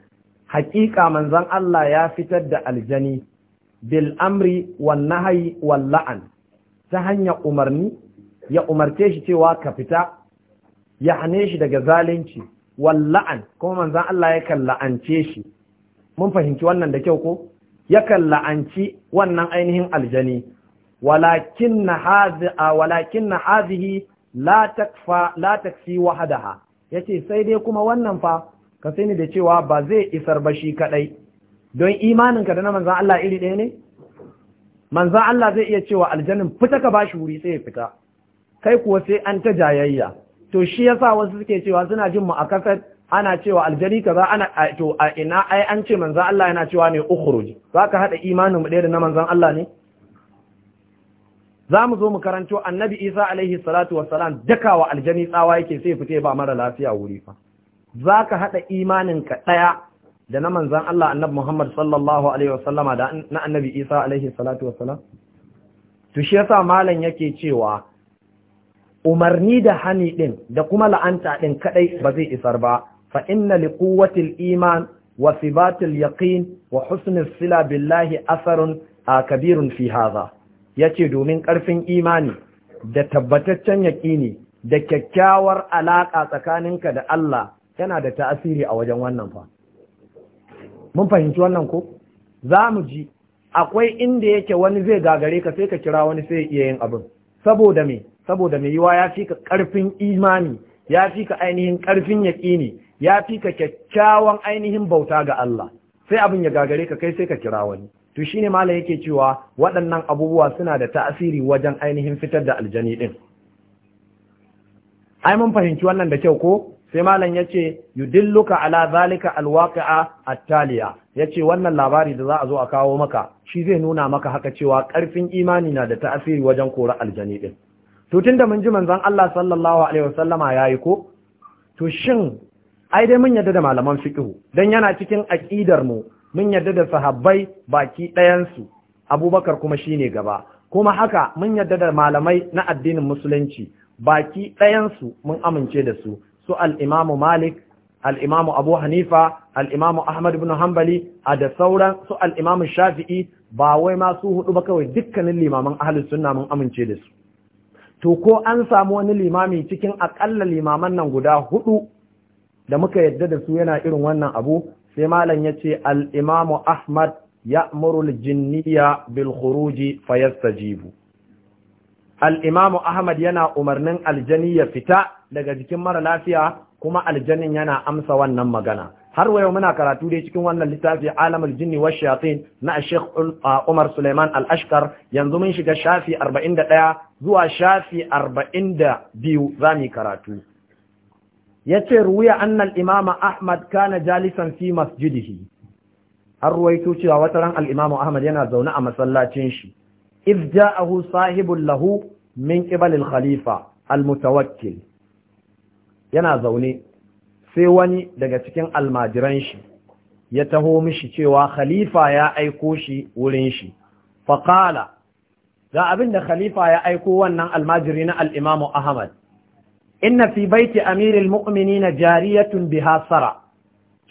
haƙiƙa manzon Allah ya fitar da aljani bil amri wan nahyi wal la'an ta hanya umarni ya umarce shi cewa ka fita ya hane shi daga zalunci walla'an kuma manzan Allah ya la'ance shi mun fahimci wannan da kyau ko yakan la'anci wannan ainihin aljani walakin na hazihi la taksi wahadaha ya ce sai dai kuma wannan fa ka sani da cewa ba zai isar ba shi kaɗai don imaninka da na manzan Allah iri ɗaya ne manzan Allah zai iya cewa aljanin fita ka bashi wuri sai ya fita kai kuwa sai an ta jayayya to shi yasa wasu suke cewa suna jin mu a kasar ana cewa aljani kaza ana to a ina ai an ce manzon Allah yana cewa ne ukhruj zaka hada imanin mu da na manzon Allah ne za mu zo mu karanto annabi isa alaihi salatu wassalam dakawa aljani tsawa yake sai fite ba mara lafiya wuri fa za ka haɗa imaninka ɗaya da na manzan Allah annabi Muhammad sallallahu alaihi wasallama da na annabi isa alaihi salatu wassalam to shi yasa malam yake cewa umarni da hani ɗin da kuma la'anta ɗin kadai ba zai isar ba fa inna li ƙuwatil iman wa sibatil yaqin wa husnil sila billahi asarun kabirun fi ya yace domin ƙarfin imani da tabbataccen yaƙini da kyakkyawar alaƙa tsakaninka da Allah yana da ta'asiri a wajen wannan fa mun fahimci wannan ko za mu ji akwai inda yake wani zai gagare ka sai ka kira wani sai iya yin abin saboda me saboda mai yiwa ya fi ka ƙarfin imani ya fi ka ainihin ƙarfin yaƙini ya fi ka kyakkyawan ainihin bauta ga Allah sai abin ya gagare ka kai sai ka kira wani to shine Malam yake cewa waɗannan abubuwa suna da tasiri wajen ainihin fitar da aljani ɗin. ai mun fahimci wannan da kyau ko sai malam ya yace yudilluka ala zalika alwaqi'a ya ce wannan labari da za a zo a kawo maka shi zai nuna maka haka cewa ƙarfin imani na da ta'asiri wajen kora aljani ɗin. to da mun ji manzan Allah sallallahu alaihi wasallama yayi ko to shin ai dai mun yadda da malaman fiqh dan yana cikin aqidar mu mun yadda da sahabbai baki ɗayansu Abubakar kuma shine gaba kuma haka mun yadda da malamai na addinin musulunci baki ɗayansu mun amince da su su Al'imamu Malik al-Imam Abu Hanifa al-Imam Ahmad ibn Hanbali a da sauran su al Shafi'i ba wai ma su hudu ba kawai dukkanin limaman ahlus sunna mun amince da su to ko an samu wani limami cikin akalla limaman nan guda hudu da muka yadda da su yana irin wannan abu sai malam ya ce al'imamu ahmad ya murul jinniya bil khuruji jibu. al'imamu ahmad yana umarnin aljani ya fita daga jikin mara lafiya kuma aljanin yana amsa wannan magana har wayo muna karatu dai cikin wannan littafi alamul jinni wa shayatin na Sheikh Umar Suleiman Al-Ashkar yanzu mun shiga shafi ɗaya? zuwa shafi arba'in da biyu za mu karatu ya ce ruya annal imama ahmad kana jalisan fi masjidihi har ruwaito cewa wata ran al'imamu ahmad yana zaune a masallacin shi iz ja'ahu sahibul lahu min qibalil khalifa al-mutawakkil yana zaune sai wani daga cikin almajiran shi ya taho mishi cewa khalifa ya aiko shi wurin shi Faƙala. ga abin da khalifa ya aiko wannan almajiri na al'imamu Ahmad, inna fi baiti amiril mu'mini na jariyatun bihasara,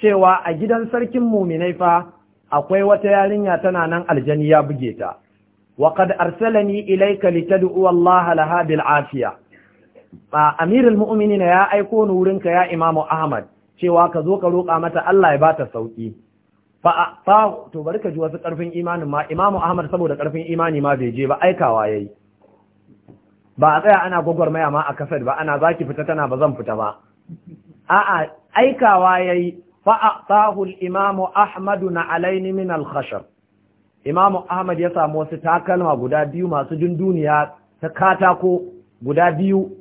cewa a gidan sarkin muminai fa akwai wata yarinya tana nan aljani ya buge ta, wa kad arsalani ilaika litad'u Allah laha bil afiya. Ba amiril ya aiko ni wurinka ya imamu Ahmad, cewa ka zo ka roƙa mata Allah ya bata sauƙi. fa fa to bari ka ji wasu karfin imanin ma imamu ahmad saboda karfin imani ma bai je ba aikawa yayi ba a tsaya ana gwagwarmaya ma a kasar ba ana zaki fita tana ba zan fita ba a'a aikawa yayi fa atahu al-imamu ahmad na alaini min al-khashab imamu ahmad ya samu wasu takalma guda biyu masu junduniya ta katako guda biyu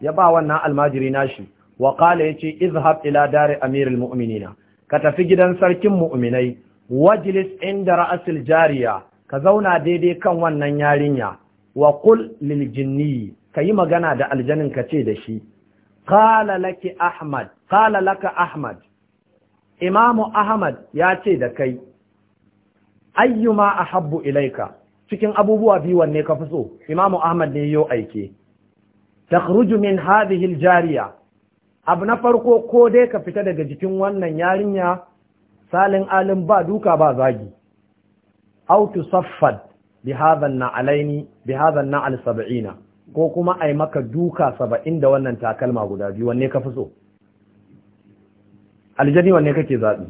ya ba wannan almajiri nashi wa qala yace izhab ila dari amiril mu'minina ka tafi gidan sarkin mu'minai wajlis inda ra'asil jariya ka zauna daidai kan wannan yarinya wa qul lil jinni kayi magana da aljanin ka ce da shi qala laki ahmad qala laka ahmad imamu ahmad ya ce da kai ayyuma ahabbu ilaika cikin abubuwa biyu wanne ka fi so imamu ahmad ne yo aike takhruju min hadhihi aljariya abu na farko ko dai ka fita daga jikin wannan yarinya salin alin ba duka ba zagi autu saffad bi hazan na alaini bi hazan na al ko kuma ai maka duka saba'in da wannan takalma guda biyu wanne ka fi so aljani wanne kake zaɓi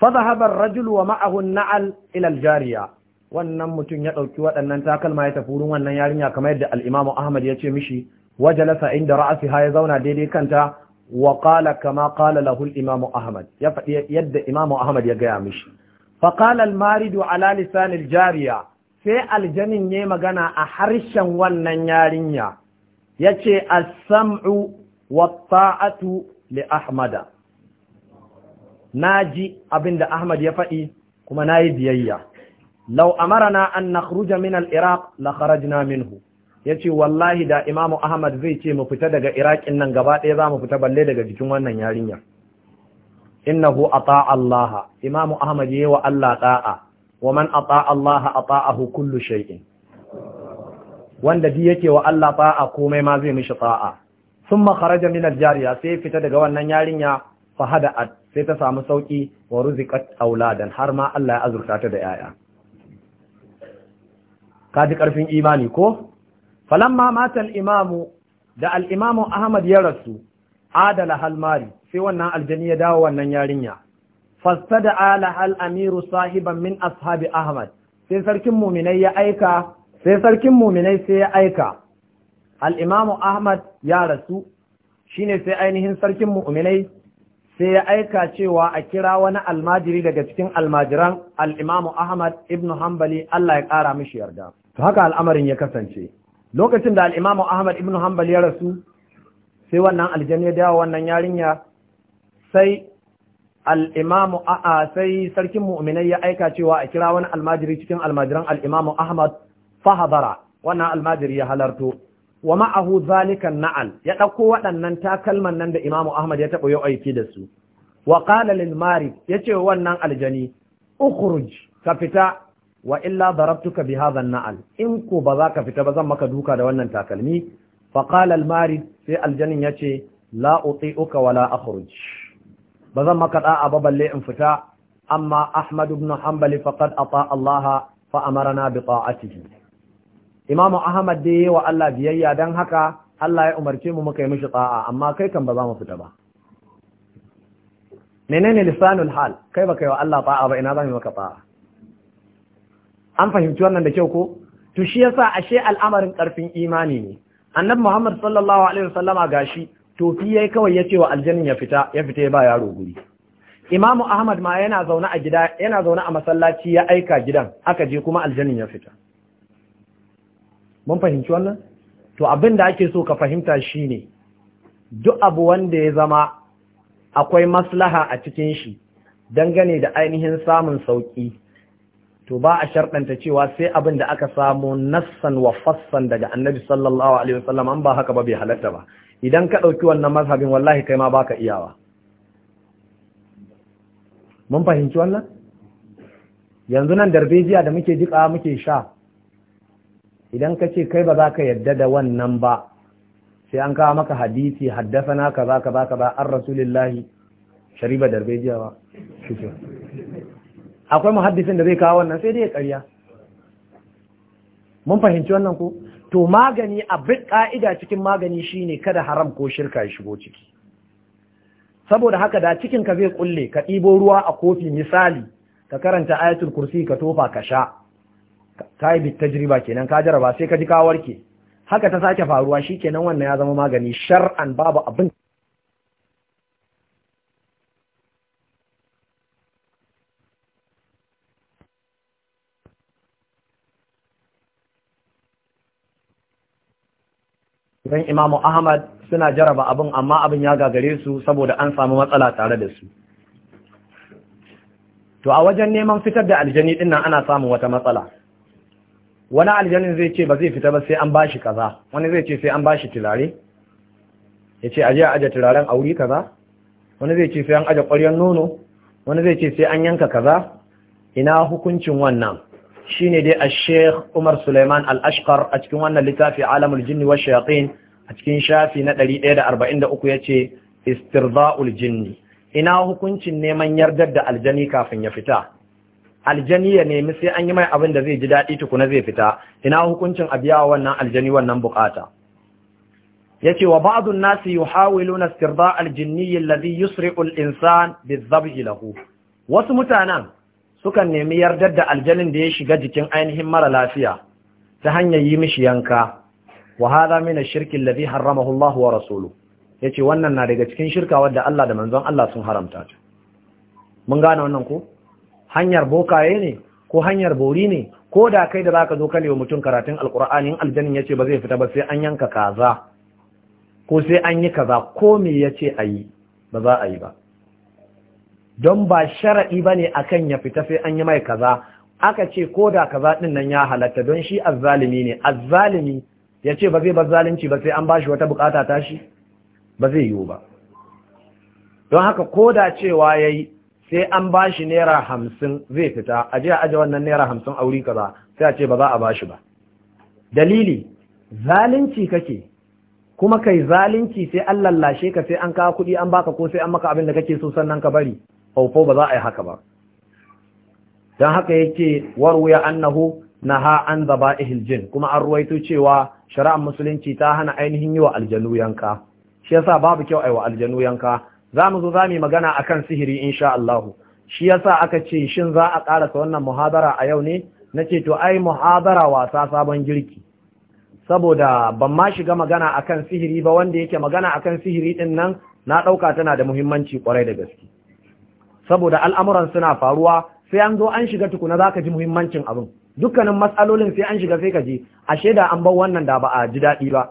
fa habar rajul wa ma'ahu naal ila jariya wannan mutum ya ɗauki waɗannan takalma ya tafi wurin wannan yarinya kamar yadda al'imamu Ahmad ya ce mishi wajalasa inda ra'asiha ya zauna daidai kanta wa qala kama qala lahu al-imam ahmad ya yadda imam ahmad ya gaya mishi fa qala al-maridu ala lisan al-jariya sai aljanin ya magana a harshen wannan yarinya yace as-sam'u wa ta'atu li ahmada naji abinda ahmad ya faɗi kuma nayi biyayya law amarana an nakhruja min al-iraq la kharajna minhu ya ce wallahi da imamu ahmad zai ce mu fita daga iraƙin nan gaba ɗaya za mu fita balle daga jikin wannan yarinyar innahu ata Allah imamu ahmad yayi wa Allah ta'a wa man ata Allah ata'ahu kullu shay'in wanda bi yake wa Allah ta'a komai ma zai mishi ta'a thumma kharaja min al-jariya sai fita daga wannan yarinya fa hada'at sai ta samu sauki wa ruziqat auladan har ma Allah ya azurta ta da yaya ka ji karfin imani ko falamma mata al da al Ahmad ya rasu adala halmari sai wannan aljani ya dawo wannan yarinya fastada ala hal amiru sahiban min ashabi Ahmad sai sarkin muminai ya aika sai sarkin muminai sai ya aika al Ahmad ya rasu shine sai ainihin sarkin muminai sai ya aika cewa a kira wani almajiri daga cikin almajiran alimamu Ahmad ibn Hanbali Allah ya ƙara mishi yarda to haka al'amarin ya kasance lokacin da al'imamu ahmad ibn hanbal ya rasu sai wannan aljanna ya dawo wannan yarinya sai al'imamu a sai sarkin mu'minai ya aika cewa a kira wani almajiri cikin almajiran al'imamu ahmad fahabara wannan almajiri ya halarto wa ma'ahu zalikan na'al ya ɗauko waɗannan takalman nan da imamu ahmad ya taɓa yau aiki da su wa qala lil ya ce wannan aljani ukhruj ka fita wa illa darabtuka bi hadha an-na'al in ko ba za ka fita ba zan maka duka da wannan takalmi fa qala al-marid sai aljanin yace la uti'uka wala akhruj ba zan maka da'a ba balle in fita amma Ahmad ibn Hanbal faqad ata Allah fa amarna bi ta'atihi Imam Ahmad dai wa Allah biyayya dan haka Allah ya umarce mu muka yi mishi ta'a amma kai kan ba za mu fita ba menene lisanul hal kai baka yi wa Allah ta'a ba ina za mu maka ta'a an fahimci wannan da kyau ko to shi yasa ashe al'amarin karfin imani ne annabi Muhammad sallallahu alaihi wasallama gashi to fi yayi kawai yace wa aljannin ya fita ya fita ya ba yaro guri Imam'u Ahmad ma yana zaune a gida yana zaune a masallaci ya aika gidan aka je kuma aljannin ya fita mun fahimci wannan to abin da ake so ka fahimta shine duk abu wanda ya zama akwai maslaha a cikin shi dangane da ainihin samun sauki to ba a sharɗanta cewa sai abin da aka samu nassan wa fassan daga annabi sallallahu alaihi wasallam an ba haka ba bai halatta ba idan ka ɗauki wannan mazhabin wallahi kai ma baka iyawa mun fahimci wannan yanzu nan darbejiya da muke jika muke sha idan ka ce kai ba za ka yadda da wannan ba sai an kawo maka hadisi haddasa na za ka ba, an rasulillahi shariba darbejiya ba akwai muhaddisin da zai kawo wannan sai dai ya ƙarya mun fahimci wannan ko to magani abin ka'ida cikin magani shine kada haram ko shirka ya shigo ciki saboda haka da cikin ka zai kulle ka ɗibo ruwa a kofi misali ka karanta ayatul kursi ka tofa ka sha ka yi tajriba kenan ka jaraba sai ka ji ka warke haka ta sake faruwa shi shikenan wannan ya zama magani shar'an babu abin almajiran imamu ahmad suna jaraba abin amma abin ya gagare su saboda an samu matsala tare da su to a wajen neman fitar da aljani din nan ana samun wata matsala wani aljanin zai ce ba zai fita ba sai an bashi kaza wani zai ce sai an bashi turare ya ce aje a aje turaren a wuri kaza wani zai ce sai an aje ƙwaryar nono wani zai ce sai an yanka kaza ina hukuncin wannan Shi ne dai a sheikh umar suleiman al-ashqar a cikin wannan littafi alamul jinni wa shayatin a cikin shafi na ɗari ɗaya da arba'in 143 ce, istirza'ul jinni ina hukuncin neman yardar da aljani kafin ya fita aljani ya nemi sai an yi mai abin da zai ji daɗi tukuna zai fita ina hukuncin a biya wannan aljani wannan bukata ce wa ba'dun nasi yuhawiluna hawilu al-jinni alladhi yusri'u al-insan bi lahu wasu mutanen sukan nemi yardar da aljanin da ya shiga jikin ainihin mara lafiya ta hanyar yi mishi yanka wa hadha min ash-shirki alladhi harramahu wa rasuluhu yace wannan na daga cikin shirka wadda Allah da manzon Allah sun haramta ta mun gane wannan ko hanyar bokaye ne ko hanyar bori ne ko da kai da zaka zo kalewa mutum karatun alqur'ani aljannin yace ba zai fita ba sai an yanka kaza ko sai an yi kaza ko me yace ayi ba za a yi ba don ba shara'i bane akan ya fita sai an yi mai kaza aka ce ko da kaza din nan ya halatta don shi azzalimi ne azzalimi ya ce ba zai bar zalunci ba sai an bashi wata bukata tashi ba zai yiwu ba don haka ko da cewa ya yi sai an bashi naira hamsin zai fita a je a wannan naira hamsin a wuri kaza sai a ce ba za a bashi ba dalili zalunci kake kuma kai zalunci sai an lallashe ka sai an kawo kuɗi an baka ko sai an maka abin da kake so sannan ka bari haufo ba za a yi haka ba don haka yake warwaya annahu naha an zaba jin kuma an ruwaito cewa shari'ar musulunci ta hana ainihin yi wa aljanu yanka shi yasa babu kyau ai aljanu yanka za mu zo za mu magana akan sihiri insha Allah shi yasa aka ce shin za a karasa wannan muhadara a yau ne na ce to ai muhadara wasa sabon girki saboda ban ma shiga magana akan sihiri ba wanda yake magana akan sihiri din nan na ɗauka tana da muhimmanci kwarai da gaske saboda al'amuran suna faruwa sai an zo an shiga tukuna zaka ji muhimmancin abin dukkanin matsalolin sai an shiga sai ka ji ashe da an bar wannan da ba a ji daɗi ba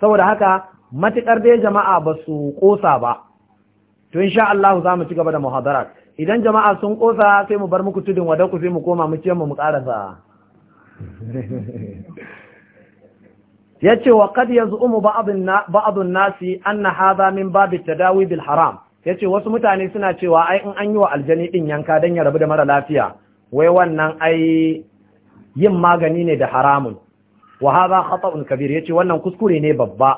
saboda haka matukar dai jama'a ba su ƙosa ba to insha Allah za mu ci gaba da muhadara idan jama'a sun ƙosa sai mu bar muku tudun wada sai mu koma mu ce mu ƙarasa. yace wa qad yaz'umu ba'd an-nasi anna hadha min bab tadawi bil haram yace wasu mutane suna cewa ai in an yi wa aljani din yanka dan ya rabu da mara lafiya wai wannan ai yin magani ne da haramun wa hadha khata'un kabir yace wannan kuskure ne babba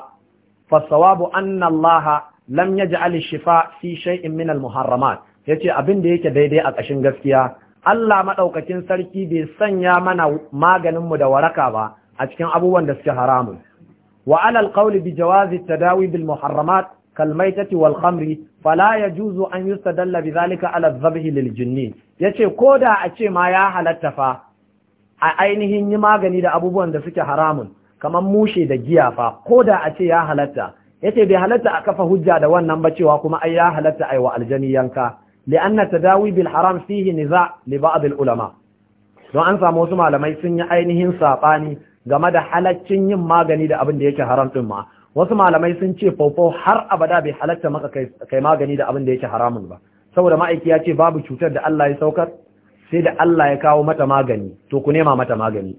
fa sawabu anna Allah lam yaj'al shifa fi shay'in min al-muharramat yace abin da yake daidai a ƙashin gaskiya Allah madaukakin sarki bai sanya mana maganin mu da waraka ba a cikin abubuwan da suke haramun wa alal qawli bi jawazi tadawi bil muharramat kal maitati wal khamri fala yajuzu an yustadalla bi dhalika ala adh-dhabhi lil jinni yace koda a ce ma ya halatta fa a ainihin yi magani da abubuwan da suke haramun kamar mushe da giya fa ko da a ce ya halatta yace bai halatta a kafa hujja da wannan ba cewa kuma ai ya halatta ai wa aljani yanka li'anna tadawi bil haram fihi niza li ba'd al ulama don an samu wasu malamai sun yi ainihin sabani game da halaccin yin magani da abin da yake haram din ma wasu malamai sun ce faufau har abada bai halatta maka kai magani da abin da yake haramun ba saboda ma'aiki ya ce babu cutar da Allah ya saukar sai da Allah ya kawo mata magani to ku nema mata magani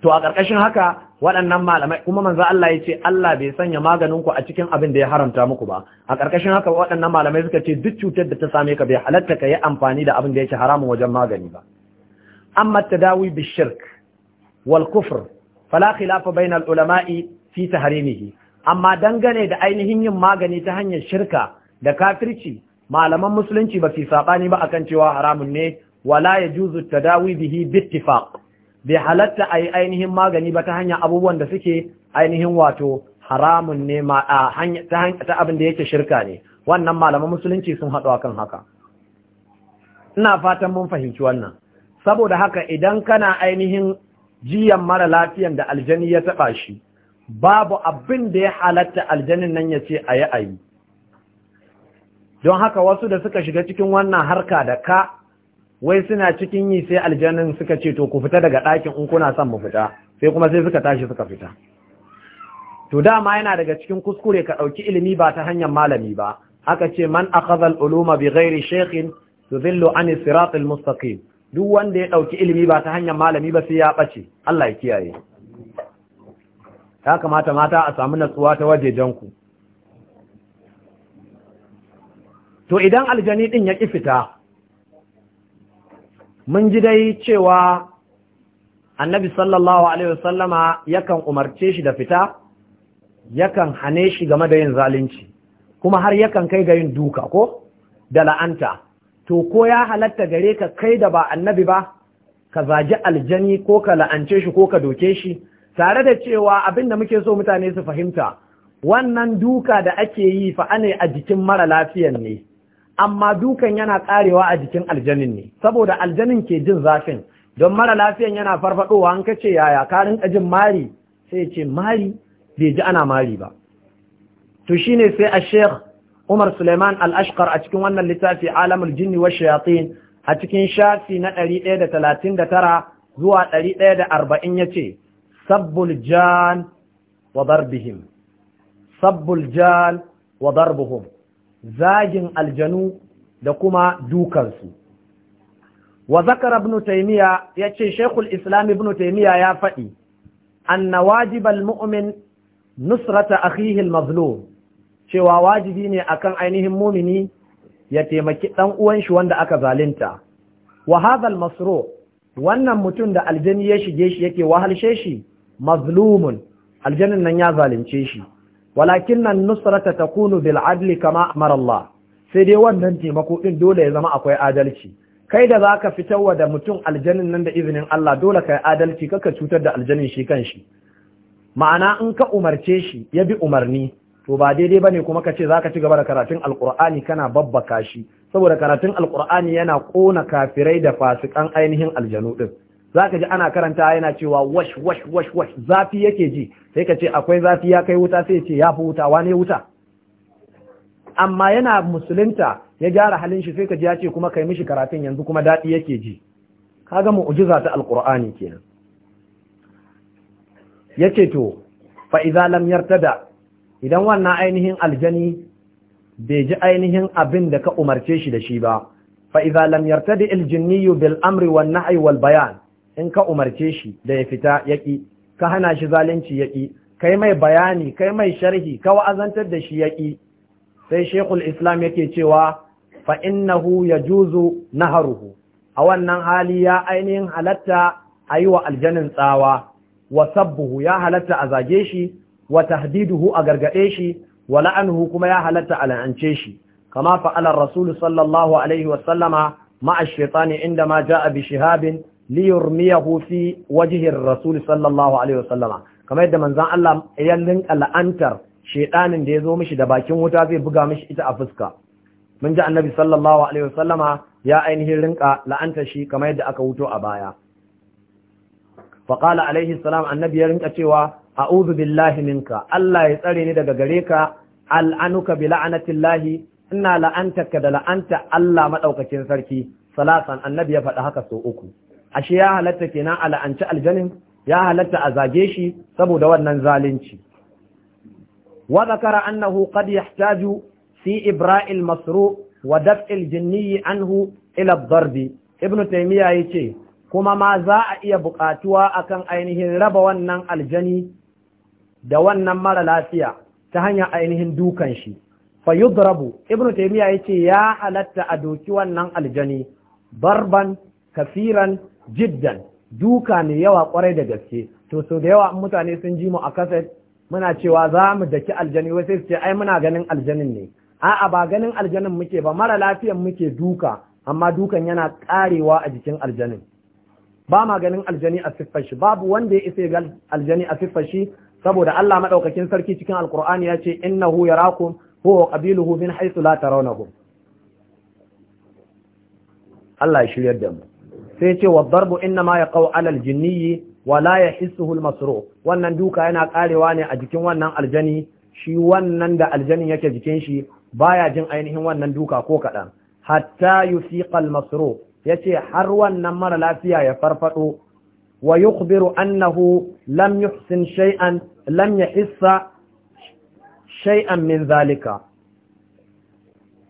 to a ƙarƙashin haka waɗannan malamai kuma manzo Allah ya ce Allah bai sanya maganin ku a cikin abin da ya haramta muku ba a ƙarƙashin haka waɗannan malamai suka ce duk cutar da ta same ka bai halatta ka yi amfani da abin da yake haramun wajen magani ba amma tadawi bi shirk wal kufr fala khilafa bainal ulama'i fi tahrimihi amma dangane da ainihin yin magani ta hanyar shirka da kafirci malaman musulunci ba su saɓani ba akan cewa haramun ne wala ya juzu tadawi bihi bittifaq bai halatta a ainihin magani ba ta hanyar abubuwan da suke ainihin wato haramun ne ma ta abin da yake shirka ne wannan malaman musulunci sun haɗu akan haka ina fatan mun fahimci wannan saboda haka idan kana ainihin jiyan mara lafiyan da aljani ya taba shi babu abin da ya halatta aljanin nan ya ce a yi ayi. don haka wasu da suka shiga cikin wannan harka da ka wai suna cikin yi sai aljanin suka ce to ku fita daga ɗakin in kuna son mu fita sai kuma sai suka tashi suka fita to dama yana daga cikin kuskure ka ɗauki ilimi ba ta hanyar malami ba aka ce man akhadha al-uluma bi ghairi shaykhin tudhillu an sirat al-mustaqim duk wanda ya ɗauki ilimi ba ta hanyar malami ba sai ya ɓace Allah ya kiyaye ya kamata mata a samu natsuwa ta wajejen ku to idan aljani din ya ƙi fita mun ji dai cewa annabi sallallahu alaihi wasallama yakan umarce shi da fita yakan hane shi game da yin zalunci kuma har yakan kai ga yin duka ko da la'anta to ko ya halatta gare ka kai da ba annabi ba ka zaji aljani ko ka la'ance shi ko ka doke shi tare da cewa abin da muke so mutane su fahimta wannan duka da ake yi fa ane a jikin mara lafiyan ne amma dukan yana karewa a jikin aljanin ne saboda aljanin ke jin zafin don mara lafiyan yana farfadowa an kace yaya ka rinka jin mari sai ce mari bai ji ana mari ba to shine sai a sheikh Umar Suleiman Al-Ashqar a cikin wannan littafi Alamul Jinni wa Shayatin a cikin shafi na 139 zuwa 140 yace sabbul jan wa darbihim sabbul jan wa darbuhum zagin aljanu da kuma dukansu wa zakara ibn ya ce shaykhul islam ibn taymiya ya faɗi anna wajibal mu'min nusrata akhihi al-mazlum cewa wajibi ne akan ainihin mumini ya taimaki ɗan uwan shi wanda aka zalunta wa Masro, wannan mutum da aljani ya shige shi yake wahalshe shi mazlumun aljanin nan ya zalunce shi walakin nan nusrata takunu bil adli kama amara Allah sai dai wannan taimako din dole ya zama akwai adalci kai da zaka fitarwa da mutum aljanun nan da izinin Allah dole kai adalci kaka cutar da aljannin shi kanshi ma'ana in ka umarce shi ya bi umarni to ba daidai bane kuma ka ce zaka ci gaba da karatun alqur'ani kana babbaka shi saboda karatun alqur'ani yana kona kafirai da fasikan ainihin aljanu din za ka ji ana karanta yana cewa wash wash wash wash zafi yake ji sai ka ce akwai zafi ya kai wuta sai ce ya fi wuta wane wuta amma yana musulunta ya gyara halin shi sai ka ji ya ce kuma kai mishi karatun yanzu kuma daɗi yake ji kaga mu'jiza ta alqur'ani kenan yace to fa idza lam yartada idan wannan ainihin aljani bai ji ainihin abin da ka umarce shi da shi ba fa idza lam yartadi aljinni bil amri wan nahyi wal bayan in ka umarce shi da ya fita yaƙi ka hana shi zalunci yaƙi kai mai bayani kai mai sharhi ka wa'azantar da shi yaƙi sai shekul islam yake cewa fa innahu yajuzu naharuhu a wannan hali ya ainihin halatta a yi wa aljanin tsawa wa sabbuhu ya halatta a zage shi wa tahdiduhu a gargaɗe shi wa la'anuhu kuma ya halatta a la'ance shi kama fa'alar rasulu sallallahu alaihi wasallama ma'a shaitani inda ma ja'a bi shihabin miya hufi wajihin rasul sallallahu alaihi wasallama kamar yadda manzon Allah ya linka la'antar shedanin da ya zo mishi da bakin wuta zai buga mishi ita a fuska mun ji annabi sallallahu alaihi wasallama ya ainihin rinka la'antar shi kamar yadda aka wuto a baya faqala alaihi salam annabi ya rinka cewa a'udhu billahi minka Allah ya tsare ni daga gare ka al'anuka bi la'anatillahi ina la'antaka da la'anta Allah madaukakin sarki salasan annabi ya faɗi haka so uku ashe ya halatta kenan a la'anci aljanin ya halatta a zage shi saboda wannan zalunci wa zakara annahu qad yahtaju fi ibra'il masru wa daf'il jinni anhu ila ad-darb ibnu taymiya yace kuma ma za a iya buƙatuwa akan ainihin raba wannan aljani da wannan mara lafiya ta hanyar ainihin dukan shi fa yudrabu ibnu taymiya yace ya halatta a doki wannan aljani barban kafiran jiddan duka ne yawa kwarai da gaske to so da yawa mutane sun ji mu a kaset muna cewa za mu daki aljani wai sai su ce ai muna ganin aljanin ne a'a ba ganin aljanin muke ba mara lafiyan muke duka amma dukan yana karewa a jikin aljanin ba ma ganin aljani a siffar shi babu wanda ya isa ga aljani a siffar shi saboda Allah madaukakin sarki cikin alqur'ani ya ce innahu yarakum huwa qabiluhu min haythu la tarawnahum Allah ya shiryar da mu sai ce wa darbu inna ma kawo alal jiniyi wa la yahissuhu al Masro wannan duka yana karewa ne a jikin wannan aljani shi wannan da aljanin yake jikin shi baya jin ainihin wannan duka ko kaɗan hatta yusiqa al ya ce har wannan mara lafiya ya farfado wa yukhbiru annahu lam yuhsin shay'an lam yahissa shay'an min zalika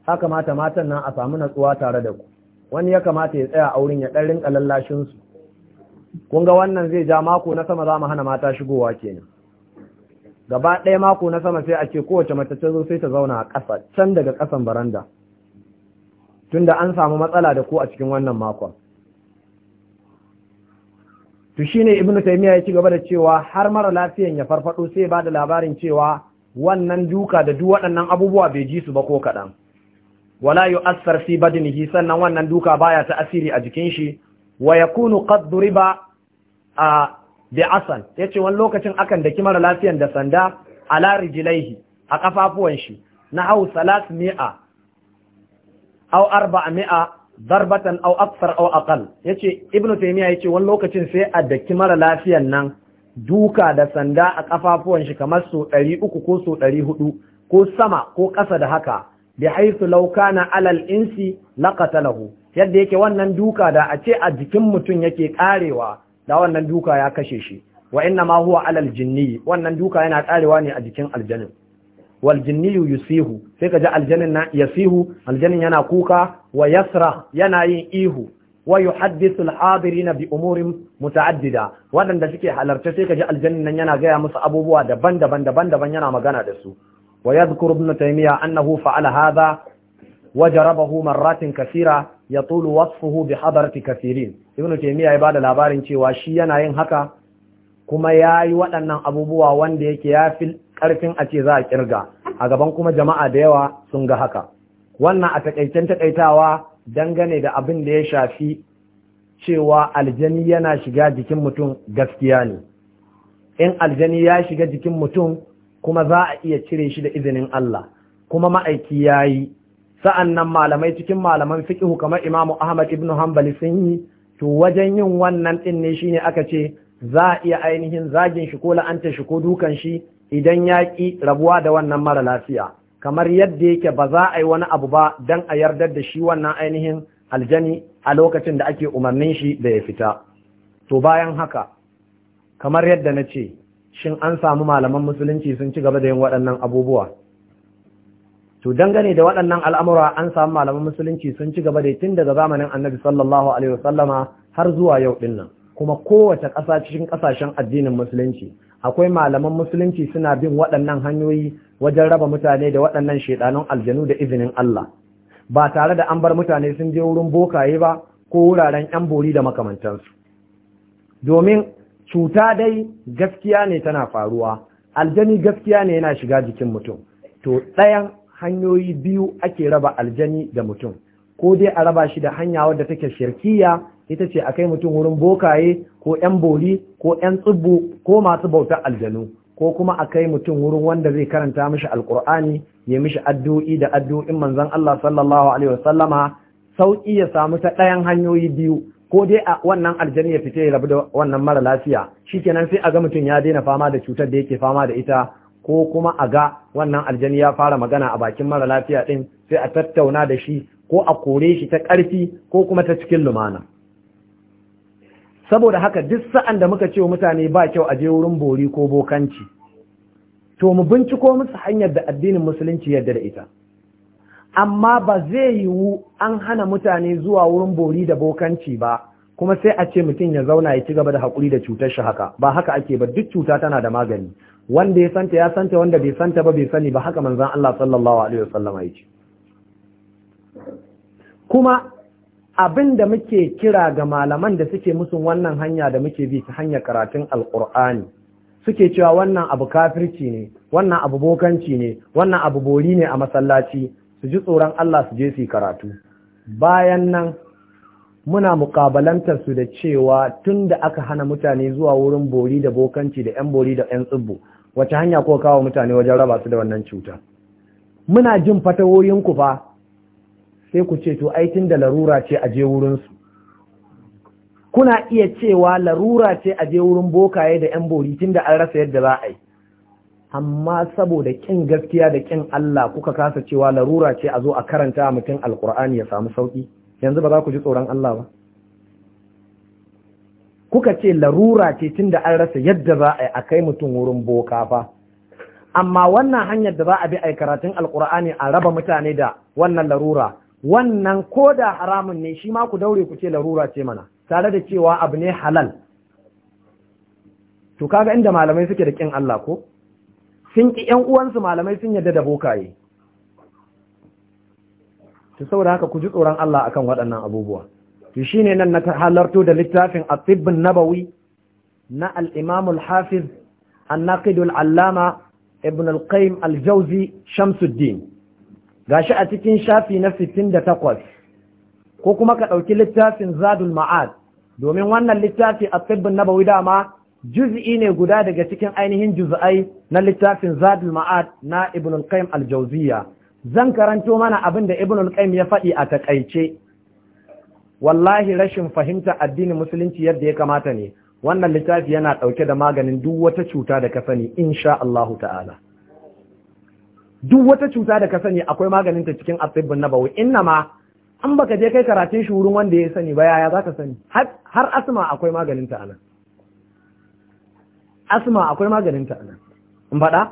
haka mata matan nan a samu natsuwa tare da ku wani ya kamata ya tsaya a wurin ya ɗan rinƙa lallashinsu. kun ga wannan zai ja mako na sama za mu hana mata shigowa ke nan. gaba ɗaya mako na sama sai a ce kowace mace ta zo sai ta zauna a ƙasa can daga ƙasan baranda tunda an samu matsala da ku a cikin wannan makon to ne ibnu taymiya ya ci gaba da cewa har mara lafiyan ya farfaɗo sai ba da labarin cewa wannan duka da duk waɗannan abubuwa bai ji su ba ko kaɗan wala Asar fi badinihi sannan wannan duka baya ta asiri a jikin shi wa yakunu qad duriba a bi asal yace wani lokacin akan daki mara lafiyan da sanda ala rijlaihi a kafafuwan shi na hau 300 mi'a au arba darbatan au aksar au aqal yace ibnu taymiya yace wani lokacin sai a daki mara lafiyan nan duka da sanda a kafafuwan shi kamar so 300 ko so 400 ko sama ko ƙasa da haka bi haythu law kana alal insi laqatalahu yadda yake wannan duka da a ce a jikin mutum yake karewa da wannan duka ya kashe shi wa inna ma huwa alal jinni wannan duka yana karewa ne a jikin aljanin wal jinni yusihu sai kaji aljanun na yasihu aljanin yana kuka wa yasra yana yin ihu wa yuhaddithu al-hadirina bi umurin muta'addida wadanda suke halarta sai kaji ji aljannin nan yana gaya musu abubuwa daban-daban daban-daban yana magana da su ويذكر ابن تيميه انه فعل هذا وجربه مرات كثيره يطول وصفه بحضره كثيرين ya ba da labarin cewa shi yana yin haka kuma yayi waɗannan abubuwa wanda yake yafi karfin a ce za a kirga a gaban kuma jama'a da yawa sun ga haka wannan a takaicen takaitawa dangane da abin da ya shafi cewa aljani yana shiga jikin mutum gaskiya ne in aljani ya shiga jikin mutum kuma za a iya cire shi da izinin Allah kuma ma'aiki yayi sa'an nan malamai cikin malaman fiƙihu kamar imamu Ahmad ibn Hanbali sun yi to wajen yin wannan ɗin ne shi ne aka ce za a iya ainihin zagin shi ko la'anta shi ko dukan shi idan ya ƙi rabuwa da wannan mara lafiya kamar yadda yake ba za a yi wani abu ba don a yardar da shi wannan ainihin aljani a lokacin da ake umarnin shi da ya fita to bayan haka kamar yadda na ce shin an samu malaman musulunci sun ci gaba da yin waɗannan abubuwa to dangane da waɗannan al'amura an samu malaman musulunci sun ci gaba da tun daga zamanin annabi sallallahu alaihi wasallama har zuwa yau ɗin nan kuma kowace ƙasa cikin ƙasashen addinin musulunci akwai malaman musulunci suna bin waɗannan hanyoyi wajen raba mutane da waɗannan shaidanun aljanu da izinin Allah ba tare da an bar mutane sun je wurin bokaye ba ko wuraren yan bori da makamantansu domin cuta dai gaskiya ne tana faruwa aljani gaskiya ne yana shiga jikin mutum to ɗayan hanyoyi biyu ake raba aljani da mutum ko dai a raba shi da hanya wadda take shirkiya ita ce akai mutum wurin bokaye ko ƴan bori ko ƴan tsibbu ko masu bautar aljanu ko kuma akai mutum wurin wanda zai karanta mishi alkur'ani ya mishi addu'i da addu'in manzon Allah sallallahu alaihi wasallama sauki ya samu ta ɗayan hanyoyi biyu ko dai a wannan aljani ya fita ya rabu da wannan mara lafiya shi kenan sai a ga mutum ya daina fama da cutar da yake fama da ita ko kuma a ga wannan aljani ya fara magana a bakin mara lafiya din sai a tattauna da shi ko a kore shi ta ƙarfi ko kuma ta cikin lumana saboda haka duk sa'an da muka ce wa mutane ba kyau a je wurin bori ko bokanci to mu binciko musu hanyar da addinin musulunci yadda da ita amma ba zai yiwu an hana mutane zuwa wurin bori da bokanci ba kuma sai a ce mutum ya zauna ya ci gaba da haƙuri da cutar shi haka ba haka ake ba duk cuta tana da magani wanda ya santa ya santa wanda bai santa ba bai sani ba haka manzan Allah sallallahu alaihi wasallam ya ce kuma abin da muke kira ga malaman da suke musun wannan hanya da muke bi ta hanyar karatun alqur'ani suke cewa wannan abu kafirci ne wannan abu bokanci ne wannan abu bori ne a masallaci su ji tsoron Allah su je su karatu bayan nan muna mukabalantar su da cewa tun da aka hana mutane zuwa wurin bori da bokanci da 'yan bori da 'yan tsibbu wace hanya ko kawo mutane wajen raba su da wannan cuta muna jin fatawoyin ku fa sai ku ce to ai tun da larura ce a je wurin su kuna iya cewa larura ce a je wurin bokaye da 'yan bori tun da an rasa yadda za a yi amma saboda kin gaskiya da kin Allah kuka kasa cewa larura ce a zo a karanta mutum alkur'ani ya samu sauki yanzu ba za ku ji tsoron Allah ba kuka ce larura ce tunda an rasa yadda za a yi a kai mutum wurin boka fa amma wannan hanyar da za a bi a karatun alkur'ani a raba mutane da wannan larura wannan ko da haramun ne shi ma ku daure ku ce larura ce mana tare da cewa abu ne halal to kaga inda malamai suke da kin Allah ko sun ki ƴan uwansu malamai sun yarda da bokaye to saboda haka ku ji tsoron Allah akan waɗannan abubuwa to ne nan na halarto da littafin a tsibbin nabawi na al hafiz an-naqid allama ibn al qaim al jauzi shamsuddin shi a cikin shafi na sittin da takwas, ko kuma ka ɗauki littafin zadul ma'ad domin wannan littafi a tsibbin nabawi dama juz'i ne guda daga cikin ainihin juz'ai na littafin zadul ma'ad na ibn al-qayyim al-jawziya zan karanto mana abin da ibn al-qayyim ya faɗi a takaice wallahi rashin fahimta addinin musulunci yadda ya kamata ne wannan littafi yana ɗauke da maganin duk wata cuta da ka sani insha Allahu ta'ala duk wata cuta da ka sani akwai maganin ta cikin asibbin nabawi inna ma an baka je kai karatun shi wurin wanda ya sani ba yaya zaka sani har asma akwai maganin ta anan asma akwai maganin ta nan in faɗa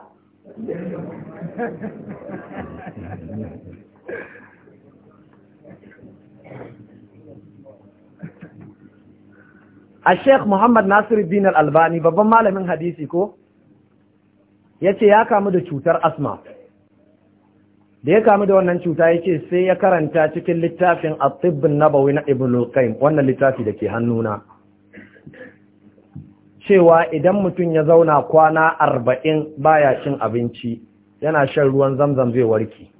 a sheikh muhammad nasiru dinar albani babban malamin hadisi ko ya ce ya kamu da cutar asma da ya kamu da wannan cuta ya ce sai ya karanta cikin littafin a tsibbin nabawi na ibn wannan littafi da ke hannuna cewa idan mutum ya zauna kwana arba'in baya cin abinci yana shan ruwan zamzam zai warke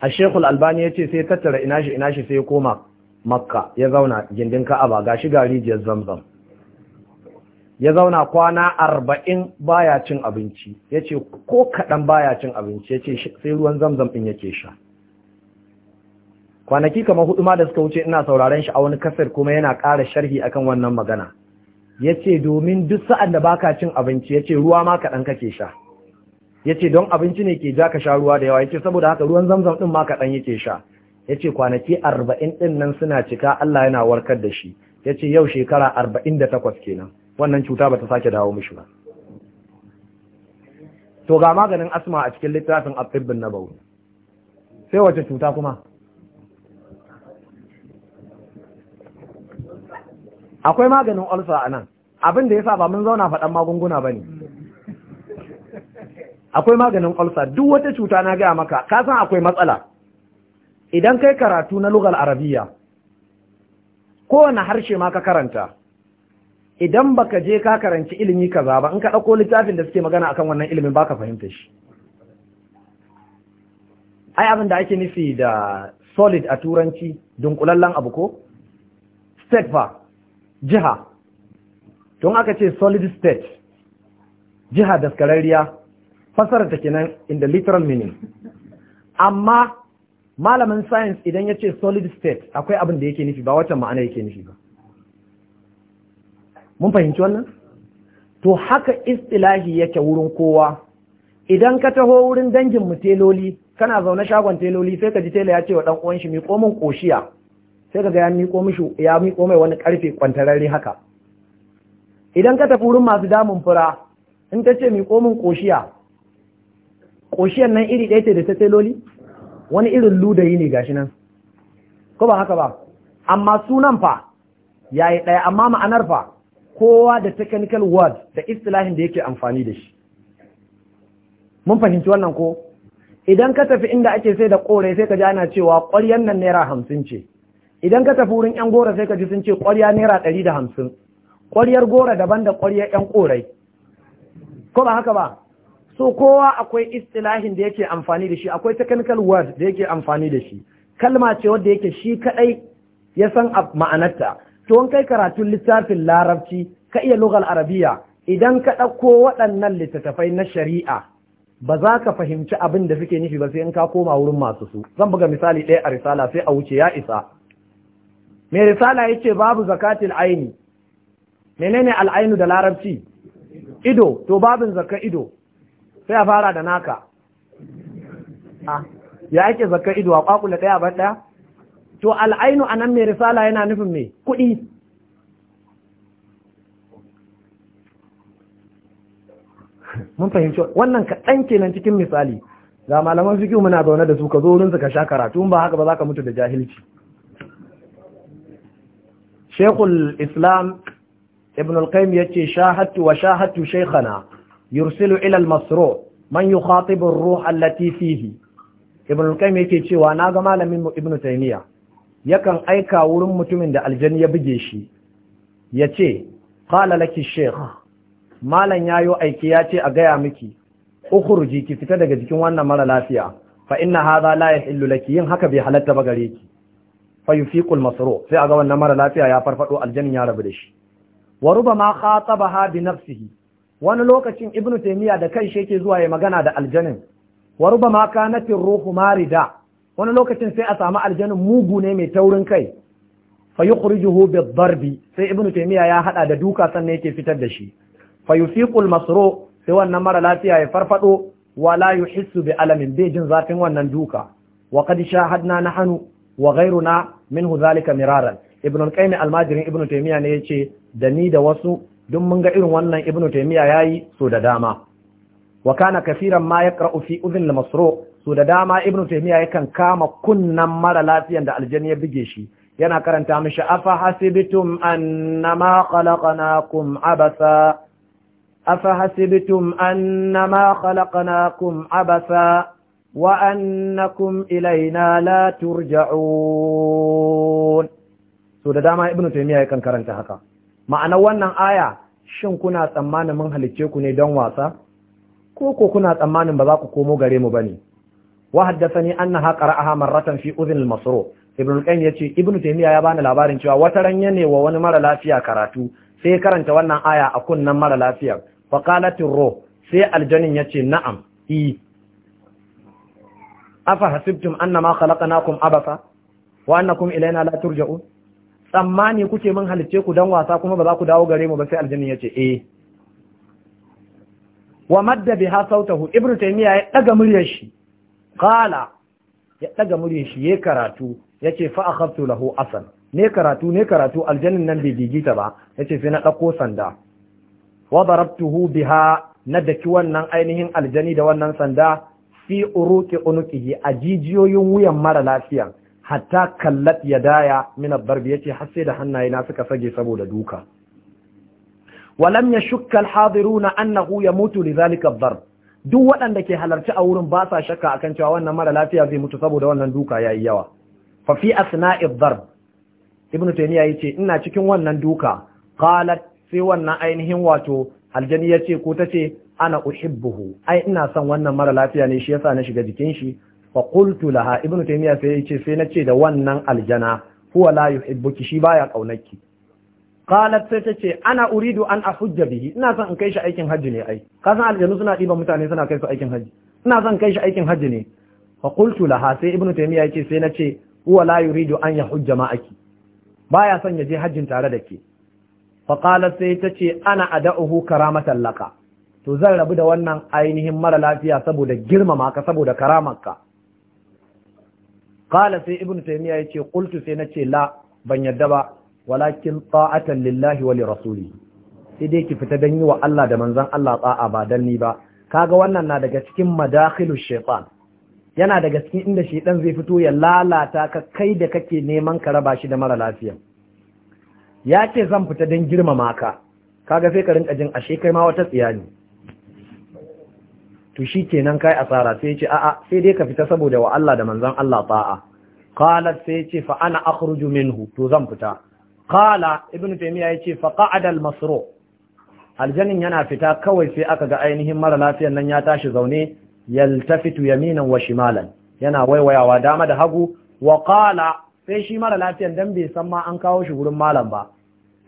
a shekul albani ya ce sai tattara inashi inashi sai koma makka ya zauna gindin ka'aba ga shi rijiyar zamzam ya zauna kwana arba'in baya cin abinci ya ce ko kaɗan baya cin abinci ya ce sai ruwan zamzam ɗin yake sha kwanaki kamar hudu ma da suka wuce ina sauraren shi a wani kasar kuma yana ƙara sharhi akan wannan magana ya ce domin duk sa'an da baka cin abinci ya ce ruwa ma kaɗan kake sha ya ce don abinci ne ke ja ka sha ruwa da yawa ya ce saboda haka ruwan zamzam ɗin ma kaɗan yake sha ya ce kwanaki arba'in ɗin nan suna cika Allah yana warkar da shi ya ce yau shekara arba'in da takwas kenan wannan cuta ba ta sake dawo mishi ba to ga maganin asma a cikin littafin abdibbin nabawi sai wace cuta kuma akwai maganin olsa a nan abinda ya yasa ba mun zauna faɗan magunguna ba ne akwai maganin olsa. duk wata cuta na gaya maka ka san akwai matsala idan kai karatu na lugal arabiya kowane harshe ma ka karanta idan baka je ka karanci ilimi kaza ba in ka ɗauko littafin da suke magana akan wannan ilimin baka fahimta shi ai abin da ake nufi da solid a turanci dunkulallen abu ko step jiha tun aka ce solid state jiha da daskararriya fasara ta kenan in the literal meaning amma malamin science idan ya ce solid state akwai abin da yake nufi ba watan ma'ana yake nufi ba mun fahimci wannan to haka istilahi yake wurin kowa idan ka taho wurin dangin mu teloli kana zaune shagon teloli sai ka ji tela ya ce wa dan uwan shi mi komin koshiya sai ga ya miko mishi ya miko mai wani karfe kwantararre haka idan ka tafi wurin masu damun fura in ta ce miko min koshiya koshiyan nan iri ɗaya ce da ta loli, wani irin ludayi ne gashi nan ko ba haka ba amma sunan fa yayi ɗaya amma ma'anar fa kowa da technical word da istilahin da yake amfani da shi mun fahimci wannan ko idan ka tafi inda ake sai da kore sai ka ji ana cewa ƙwaryan nan naira hamsin ce idan ka tafi wurin yan gora sai ka ji sun ce ƙwarya naira ɗari da hamsin ƙwaryar gora daban da ƙwaryar yan ƙorai ko ba haka ba so kowa akwai istilahin da yake amfani da shi akwai technical word da yake amfani da shi kalma ce wadda yake shi kaɗai ya san ma'anarta to in kai karatun littafin larabci ka iya lugal arabiya idan ka ɗauko waɗannan littattafai na shari'a ba za ka fahimci abin da suke nufi ba sai in ka koma wurin masu su zan buga misali ɗaya a risala sai a wuce ya isa mai risala yace babu zakatil aini menene al'ainu da larabci ido to babin zakka ido sai a fara da naka ah, ya ake zakka ido a kwakula daya ban daya to al'ainu anan mai risala yana nufin me kuɗi mun fahimci wannan kaɗan kenan cikin misali ga malaman fikihu muna zaune da su ka zo wurin su ka sha karatu ba haka ba za ka mutu da jahilci shekul islam ibn al-qaim ya ce shahatu wa shahatu shekana. yursilu ilal masro man yi khatibin ruh allati fihi ibn al-qaim yake cewa na ga malamin mu ibn taymiya yakan aika wurin mutumin da aljani ya buge shi ya ce kala laki shekh malam yayo aiki ya ce a gaya miki ukurji ki fita daga jikin wannan mara lafiya fa inna hadha la yahillu laki yin haka bai halatta ba gare ki fa yufiqul masru sai aga wannan mara lafiya ya farfado aljanin ya rabu da shi wa rubama khatabaha bi nafsihi wani lokacin ibnu taymiya da kanshi yake zuwa ya magana da aljanin. wa rubama kanat ruhu marida wani lokacin sai a samu aljanin mugu ne mai taurin kai fa yukhrijuhu bi darbi sai ibnu taymiya ya hada da duka sannan yake fitar da shi fa yufiqul masru sai wannan mara lafiya ya farfado wala yuhissu bi alamin bai jin zafin wannan duka wa qad shahadna nahnu wa ghairuna minhu zalika miraran ibn al-qayyim al-majrin ibn taymiya ne yace da ni da wasu duk mun ga irin wannan ibn taymiya yayi so da dama wa kana kaseeran ma yaqra'u fi udhn al so da dama ibn taymiya yakan kama kunnan mara lafiyan da aljani ya buge shi yana karanta mishi afa hasibtum annama khalaqnakum abasa afa hasibtum annama khalaqnakum abasa وأنكم إلينا لا ترجعون so da dama ibnu taymiya yakan karanta haka Ma'anar wannan aya shin kuna tsammanin mun halicce ku ne don wasa ko ko kuna tsammanin ba za ku komo gare mu bane wa haddathani annaha qara'aha marratan fi udhun al-masru ibnu qayyim yace ibnu taymiya ya bani labarin cewa wata ranya ne wa wani mara lafiya karatu sai ya karanta wannan aya a kunnan mara lafiya Fakalatin Ro sai aljanin yace na'am i afa hasibtum annama khalaqnakum abasa wa annakum ilaina la turja'un tsammani kuke mun halicce ku dan wasa kuma ba za ku dawo gare mu ba sai aljannin yace eh wa madda biha sautahu ibnu taymiya ya daga muryar shi qala ya daga muryar shi yayi karatu yace fa akhadtu lahu asan ne karatu ne karatu aljannin nan bai gigita ba yace sai na dauko sanda wa darabtuhu biha na daki wannan ainihin aljani da wannan sanda fi uruqi unuqihi a jijiyoyin wuyan mara lafiyan hatta kallat yadaya min ad-darb yace har sai da hannaye na suka sage saboda duka walam yashukka al-hadiruna annahu mutu lidhalika zalika darb duk waɗanda ke halarci a wurin ba sa shakka akan cewa wannan mara lafiya zai mutu saboda wannan duka yayi yawa fa fi asna'i ad ibnu taymiya yace ina cikin wannan duka qalat sai wannan ainihin wato aljani yace ko tace ana uhibbuhu ai ina son wannan mara lafiya ne shi yasa na shiga jikin shi fa qultu laha ibnu taymiya sai yace sai nace da wannan aljana huwa la yuhibbuki shi baya kaunarki qalat sai tace ana uridu an ahujja bihi ina son in kai shi aikin hajji ne ai ka san aljanu suna diba mutane suna kai su aikin hajji ina son kai shi aikin hajji ne fa qultu laha sai ibnu taymiya yace sai nace huwa la yuridu an yahujja ma'aki baya son ya je hajjin tare da ke fa qalat sai tace ana ada'uhu karamatan laka to zan rabu da wannan ainihin mara lafiya saboda girmama ka saboda karamarka qala sai ibnu taymiya yace qultu sai nace la ban yadda ba walakin ta'atan lillahi wa rasuli sai dai ki fita dan yi wa Allah da manzon Allah ta'a ba dan ni ba kaga wannan na daga cikin madakhilu shaytan yana daga cikin inda ɗan zai fito ya lalata ka kai da kake neman ka raba shi da mara lafiya ya ce zan fita dan girmama ka kaga sai ka rinka jin ashe kai ma wata tsiya ne to shi kenan kai asara sai ce a'a sai dai ka fita saboda wa Allah da manzon Allah ta'a qala sai ce fa ana akhruju minhu to zan fita qala ibn taymiya yace fa qa'ada al masru aljanin yana fita kawai sai aka ga ainihin mara lafiyar nan ya tashi zaune yaltafitu yaminan wa shimalan yana waiwayawa dama da hagu wa qala sai shi mara lafiyar dan bai san ma an kawo shi wurin malam ba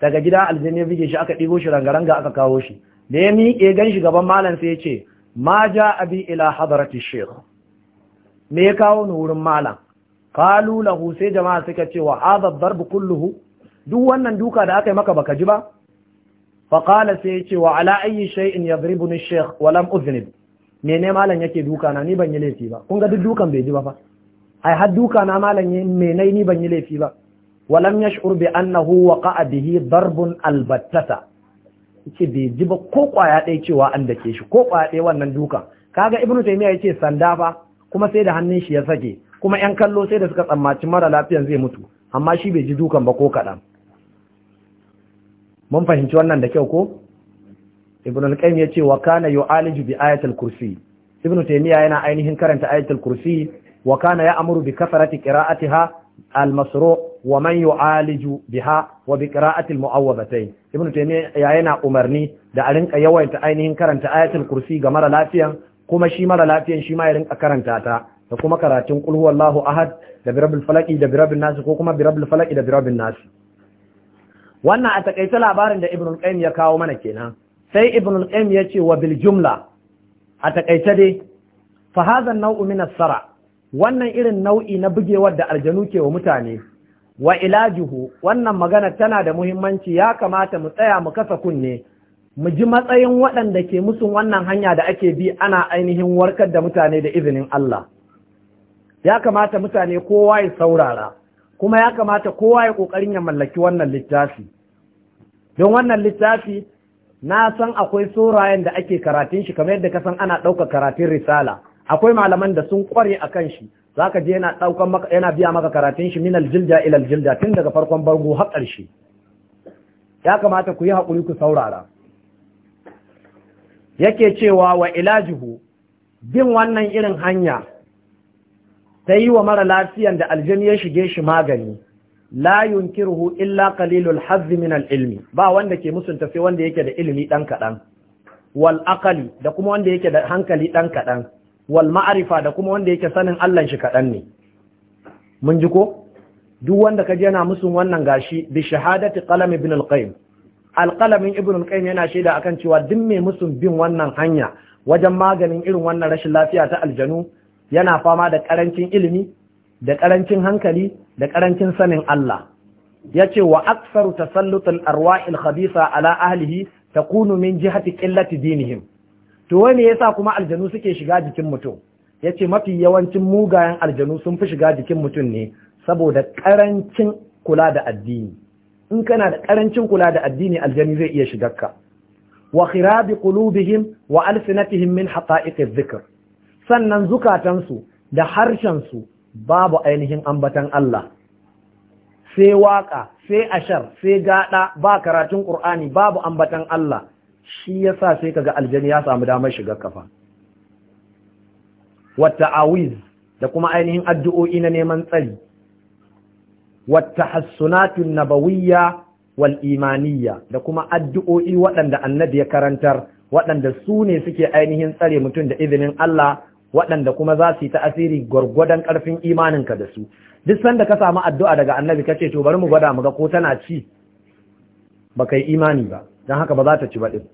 daga gida aljani ya bige shi aka ɗigo shi rangaranga aka kawo shi da ya miƙe gan shi gaban malam sai ya ce ma ja abi ila hadarati sheikh me ya kawo ni wurin malam qalu lahu sai jama'a suka ce wa hadha darb kulluhu duk wannan duka da aka yi maka baka ji ba fa qala sai ya ce wa ala ayyi shay'in yadribuni sheikh wa lam uznib mene malam yake duka na ni ban yi laifi ba kun ga duk dukan bai ji ba fa ai har duka na malam ne mene ni ban yi laifi ba walam yash'ur bi annahu waqa'a bihi darbun albattata yace bai ji ba ko kwaya ɗaya cewa an dake shi ko kwaya ɗaya wannan dukan kaga ibnu taymiya yace sanda fa kuma sai da hannun shi ya sake kuma yan kallo sai da suka tsammaci mara lafiyan zai mutu amma shi bai ji dukan ba ko kaɗan mun fahimci wannan da kyau ko ibn al-qayyim yace wa kana yu'aliju bi ayatul kursi ibn taymiya yana ainihin karanta ayatul kursi wa kana ya'muru bi kafarati qira'atiha al-masru' wa man yu'aliju biha wa bi qira'atil al-mu'awwadhatayn ibnu ya yana umarni da a rinka yawaita ainihin karanta ayatul kursi ga mara lafiyan kuma shi mara lafiyan shi ma ya rinka karanta ta da kuma karatun qul huwallahu ahad da birabil falaqi da birabil nas ko kuma birabil falaqi da birabil nas wannan a takaice labarin da ibnu qayyim ya kawo mana kenan sai ibnu qayyim ya ce wa bil jumla a takaice dai fa hadha nau'u min as-sara wannan irin nau'i na bugewar da aljanu ke wa mutane wa ilajuhu wannan magana tana da muhimmanci ya kamata mu tsaya mu kasa kunne mu ji matsayin waɗanda ke musu wannan hanya da ake bi ana ainihin warkar da mutane da izinin Allah ya kamata mutane kowa ya saurara kuma ya kamata kowa ya kokarin ya mallaki wannan littafi don wannan littafi na san akwai saurayen da ake karatun shi kamar yadda ka san ana ɗauka karatun risala akwai malaman da sun kware a kan shi zaka je yana daukan maka yana biya maka karatun shi min jilda ila jilda tun daga farkon bargo har ƙarshe ya kamata ku yi haƙuri ku saurara yake cewa wa ilajihu bin wannan irin hanya ta yi wa mara lafiyan da aljini ya shige shi magani la yunkiruhu illa qalilul hazzi min ilmi ba wanda ke musunta sai wanda yake da ilimi dan kadan wal aqali da kuma wanda yake da hankali dan kadan wal ma'arifa da kuma wanda yake sanin Allah shi kaɗan ne mun ji ko duk wanda ka yana musun wannan gashi bi shahadati qalam ibn al-qayyim al-qalamin ibn al-qayyim yana shaida akan cewa duk mai musun bin wannan hanya wajen maganin irin wannan rashin lafiya ta aljanu yana fama da karancin ilimi da karancin hankali da karancin sanin Allah yace wa aksaru tasallutul arwahil khabisa ala ahlihi takunu min jihati qillati dinihim to wai me yasa kuma aljanu suke shiga jikin mutum yace mafi yawancin mugayen aljanu sun fi shiga jikin mutum ne saboda karancin kula da addini in kana da karancin kula da addini aljani zai iya shigar ka wa khirabi qulubihim wa alsinatihim min haqa'iq dhikr sannan zukatansu da harshen su babu ainihin ambatan Allah sai waka sai ashar sai gada ba karatun qur'ani babu ambatan Allah shi ya sa sai kaga aljani ya samu damar shiga kafa wata awiz da kuma ainihin addu'o'i na neman tsari wata hassunatun nabawiyya wal imaniyya da kuma addu'o'i waɗanda annabi ya karantar waɗanda su ne suke ainihin tsare mutum da izinin Allah waɗanda kuma za su yi ta asiri gwargwadon ƙarfin imaninka da su duk sanda ka samu addu'a daga annabi ka ce to bari mu gwada mu ga ko tana ci ka yi imani ba don haka ba za ta ci ba ɗin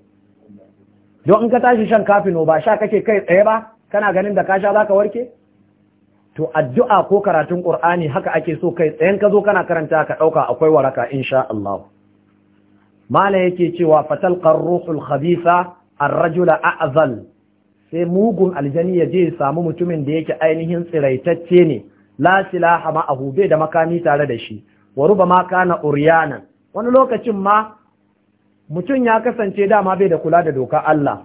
don in ka tashi shan kafino ba sha kake kai tsaye ba kana ganin da ka sha ka warke to addu'a ko karatun qur'ani haka ake so kai tsayen ka zo kana karanta ka ɗauka. akwai waraka insha Allah mala yake cewa fatalqa ruhul khabitha ar a'zal sai mugun aljani ya je samu mutumin da yake ainihin tsiraitacce ne la silaha ma'ahu bai da makami tare da shi wa rubama kana uryana wani lokacin ma mutum ya kasance dama bai da kula da doka Allah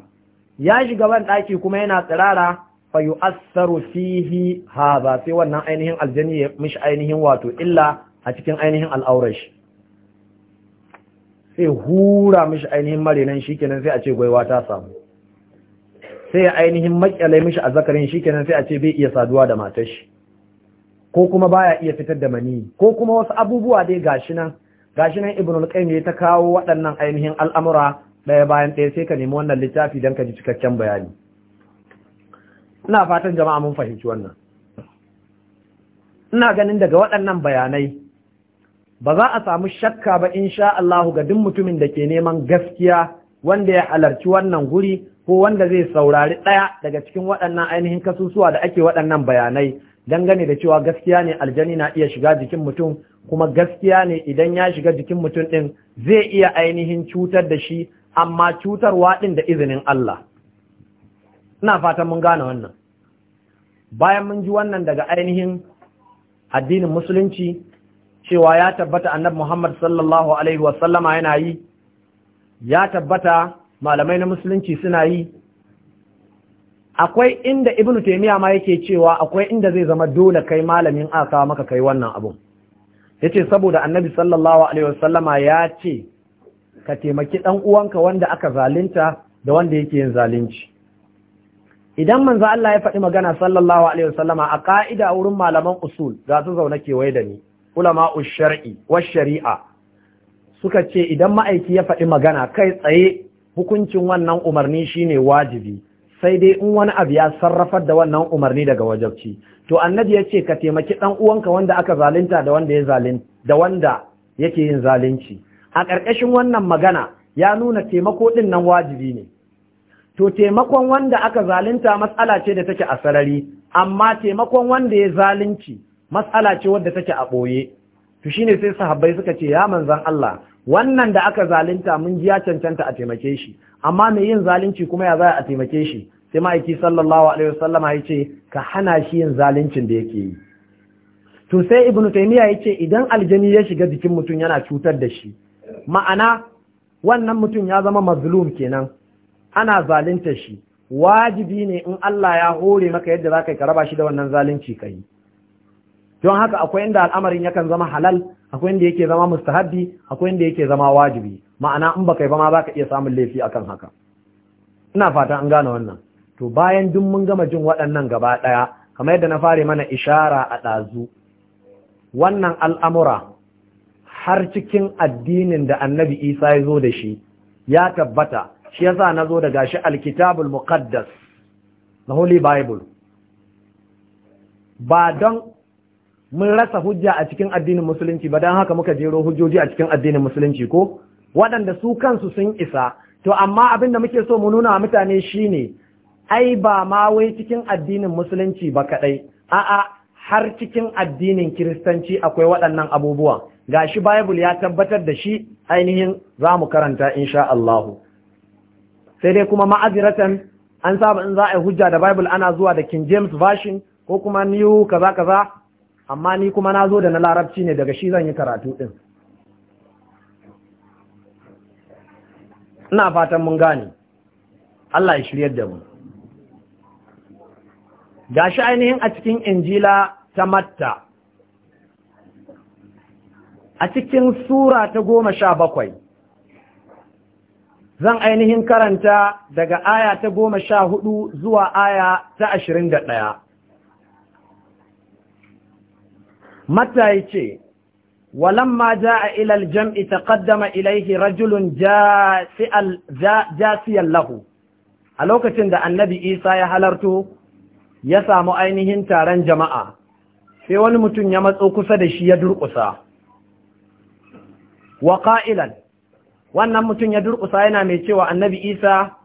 ya shiga ban ɗaki kuma yana tsirara fa yu'assaru fihi ba sai wannan ainihin aljani ya mishi ainihin wato illa a cikin ainihin al'aurashi. sai hura mishi ainihin marinan shikenan sai a ce gwaiwa ta samu sai ya ainihin makyale mishi shi shikenan sai a ce bai iya saduwa da matashi. ko kuma baya iya fitar da mani ko kuma wasu abubuwa dai gashi nan gashi nan ibn al-qayyim ya ta kawo waɗannan ainihin al'amura ɗaya bayan ɗaya sai ka nemi wannan littafi don ka ji cikakken bayani ina fatan jama'a mun fahimci wannan ina ganin daga waɗannan bayanai ba za a samu shakka ba insha Allah ga duk mutumin da ke neman gaskiya wanda ya halarci wannan guri ko wanda zai saurari ɗaya daga cikin waɗannan ainihin kasusuwa da ake waɗannan bayanai dangane da cewa gaskiya ne aljani na iya shiga jikin mutum kuma gaskiya ne idan ya shiga jikin mutum ɗin zai iya ainihin cutar da shi amma cutarwa ɗin da izinin Allah ina fatan mun gane wannan bayan mun ji wannan daga ainihin addinin musulunci cewa ya tabbata annabi Muhammad sallallahu alaihi wasallama yana yi ya tabbata malamai na musulunci suna yi akwai inda Ibn taymiya ma yake cewa akwai inda zai zama dole kai malamin aka maka kai wannan abun yace saboda annabi sallallahu alaihi wasallama ya ce ka taimaki dan uwanka wanda aka zalunta da wanda yake yin zalunci idan manzo Allah ya faɗi magana sallallahu alaihi wasallama a ka'ida wurin malaman usul ga su zauna kewaye da ni ulama shar'i wa shari'a suka ce idan ma'aiki ya faɗi magana kai tsaye hukuncin wannan umarni shine wajibi sai dai in wani abu ya sarrafar da wannan umarni daga wajabci to annabi ya ce ka taimaki ɗan uwanka wanda aka zalunta da wanda ya zalunta da wanda yake yin zalunci a ƙarƙashin wannan magana ya nuna taimako ɗin nan wajibi ne to taimakon wanda aka zalunta matsala ce da take a sarari amma taimakon wanda ya zalunci matsala ce wadda take a ɓoye to shine sai sahabbai suka ce ya manzan Allah wannan da aka zalunta mun ji ya cancanta a taimake shi amma mai yin zalunci kuma ya za a taimake shi sai ma'aiki sallallahu alaihi wasallama ya ce ka hana shi yin zaluncin da yake yi to sai ibn ya ce idan aljani ya shiga jikin mutum yana cutar da shi ma'ana wannan mutum ya zama mazlum kenan ana zalunta shi wajibi ne in Allah ya hore maka yadda zaka ka raba shi da wannan zalunci kai don haka akwai inda al'amarin yakan zama halal akwai inda yake zama mustahabbi akwai inda yake zama wajibi ma'ana in baka yi ba ma zaka iya samun laifi akan haka ina fata an gane wannan to bayan duk mun gama jin waɗannan gaba ɗaya kamar yadda na fare mana ishara a ɗazu wannan al'amura har cikin addinin da annabi isa ya zo da shi ya tabbata shi ya sa na zo da shi alkitabul muqaddas the holy bible ba don mun rasa hujja a cikin addinin musulunci ba don haka muka jero hujjoji a cikin addinin musulunci ko waɗanda su kansu sun isa to amma abin da muke so mu nuna mutane shine ai ba ma wai cikin addinin musulunci ba kaɗai a'a har cikin addinin kiristanci akwai waɗannan abubuwa gashi bible ya tabbatar da shi ainihin za mu karanta insha Allah sai dai kuma ma'aziratan an saba in za a yi hujja da bible ana zuwa da king james version ko kuma new kaza kaza amma ni kuma na zo da na larabci ne daga shi zan yi karatu din ina fatan mun gane Allah ya shiryar da mu Ga shi ainihin a cikin injila ta matta a cikin sura ta goma sha bakwai zan ainihin karanta daga aya ta goma sha hudu zuwa aya ta ashirin da ɗaya matta ya ce ولما جاء إلى الجمع تقدم إليه رجل jasiyar له a lokacin da annabi Isa ya halarto ya samu ainihin taron jama'a sai wani mutum ya matso kusa da shi ya durƙusa wa ƙa'ilan wannan mutum ya durƙusa yana mai cewa annabi isa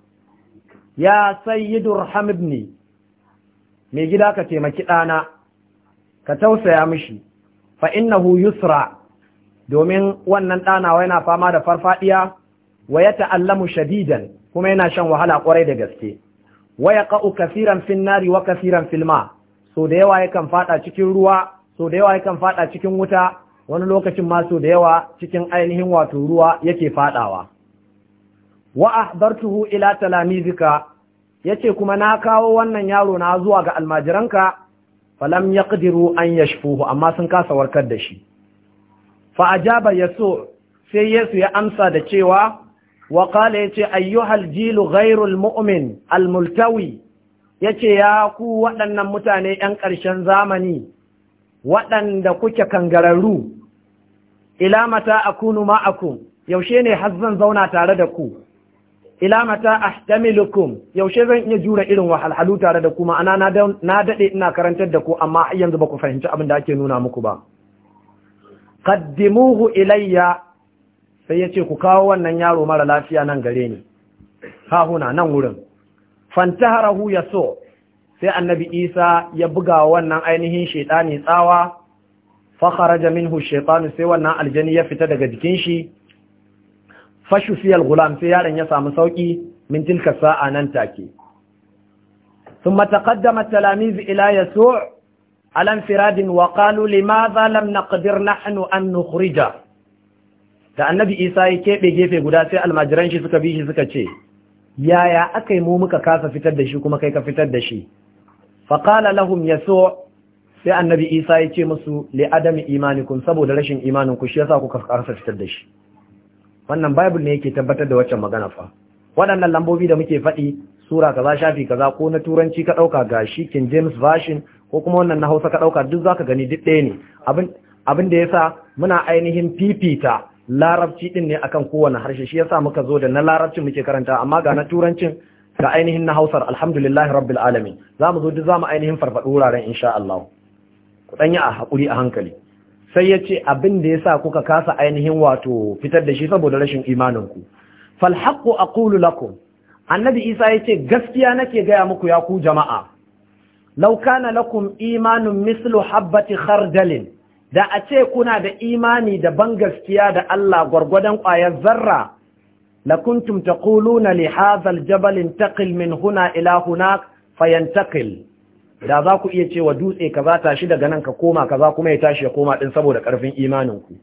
ya sayyidur ne mai gida ka taimaki ɗana ka tausaya mishi fa innahu yusra domin wannan ɗanawa yana fama da farfaɗiya wa ya ta'allamu shadidan kuma yana shan wahala kwarai da gaske Waya ƙau kafiran fin nari wa kafiran filma, so da yawa yakan fada cikin ruwa so da yawa yakan fada cikin wuta wani lokacin ma so da yawa cikin ainihin wato ruwa yake fadawa wa Tuhu ila talamizika ce kuma na kawo wannan yaro na zuwa ga almajiranka falam yaqdiru an yashfuhu amma sun kasa warkar da shi fa a ya so sai yesu ya amsa da cewa wa ya ce ayyuhal jilu ghayrul mu'min al multawi ce ya ku waɗannan mutane yan ƙarshen zamani waɗanda kuke kangararru ila mata kunu ma’akun yaushe ne har zauna tare da ku ila mata damilukun yaushe zan iya jura irin wahalhalu tare da ku ma'ana na daɗe ina karantar da ku amma yanzu ba ku fahimci abin da ake nuna muku ba kaddimuhu ilayya sai ya ce ku kawo wannan yaro mara lafiya nan gare ni hahuna nan wurin fantaharahu ya so sai annabi isa ya buga wannan ainihin shaidani tsawa fakharaja minhu shaytanu sai wannan aljani ya fita daga jikin shi fashu fiyal gulam sai yaron ya samu sauki min tilka sa'a nan take ثم تقدم التلاميذ إلى يسوع على انفراد وقالوا لماذا لم نقدر نحن أن نخرجه da annabi isa ya keɓe gefe guda sai almajiran shi suka bi shi suka ce yaya aka yi mu muka kasa fitar da shi kuma kai ka fitar da shi faƙala lahum ya so sai annabi isa ya ce musu li adami imanikum saboda rashin imanin ku shi yasa kuka kasa fitar da shi wannan bible ne yake tabbatar da waccan magana fa waɗannan lambobi da muke faɗi sura kaza shafi kaza ko na turanci ka ɗauka ga shi king james version ko kuma wannan na hausa ka ɗauka duk zaka gani duk ɗaya ne abin da yasa muna ainihin fifita larabci din ne akan kowane harshe shi yasa muka zo da na larabcin muke karanta amma ga na turancin ga ainihin na Hausar alhamdulillahi rabbil alamin zamu zo duk zamu ainihin farfado wuraren insha Allah ku danya a hakuri a hankali sai yace abin da yasa kuka kasa ainihin wato fitar da shi saboda rashin imanin ku fal haqqu aqulu lakum annabi Isa ce gaskiya nake gaya muku ya ku jama'a law kana lakum imanun mislu habati khardalin da a ce kuna da imani da ban gaskiya da Allah gwargwadon ƙwayar zarra ta taquluna li hadha aljabal intaqil min huna ila fayan fayantaqil da za ku iya cewa dutse kaza tashi daga nan ka koma kaza kuma ya tashi ya koma din saboda karfin imanin ku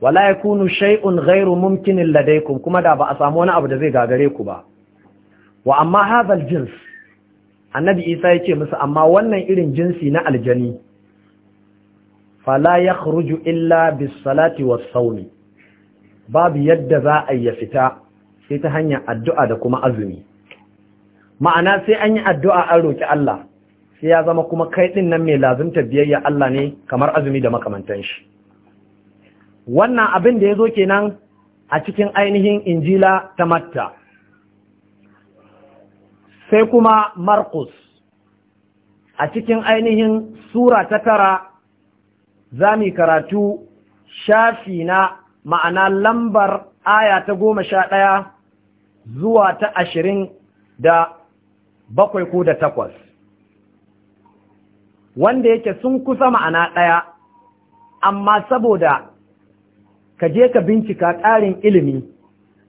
wala yakunu shai'un gairu mumkinin ladaykum kuma da ba a samu wani abu da zai gagare ku ba wa amma hazal jins, annabi isa ya ce musu amma wannan irin jinsi na aljani fala ya kharuju illa bis salati was babu yadda za a yi fita sai ta hanyar addu'a da kuma azumi ma'ana sai an yi addu'a an roki Allah sai ya zama kuma kai din nan mai lazimta biyayya Allah ne kamar azumi da makamantan shi wannan abin da ya zo kenan a cikin ainihin injila ta matta sai kuma markus a cikin ainihin sura ta tara za mu karatu shafi na ma'ana lambar aya ta goma sha ɗaya zuwa ta ashirin da bakwai ko da takwas wanda yake sun kusa ma'ana ɗaya amma saboda ka je ka bincika ƙarin ilimi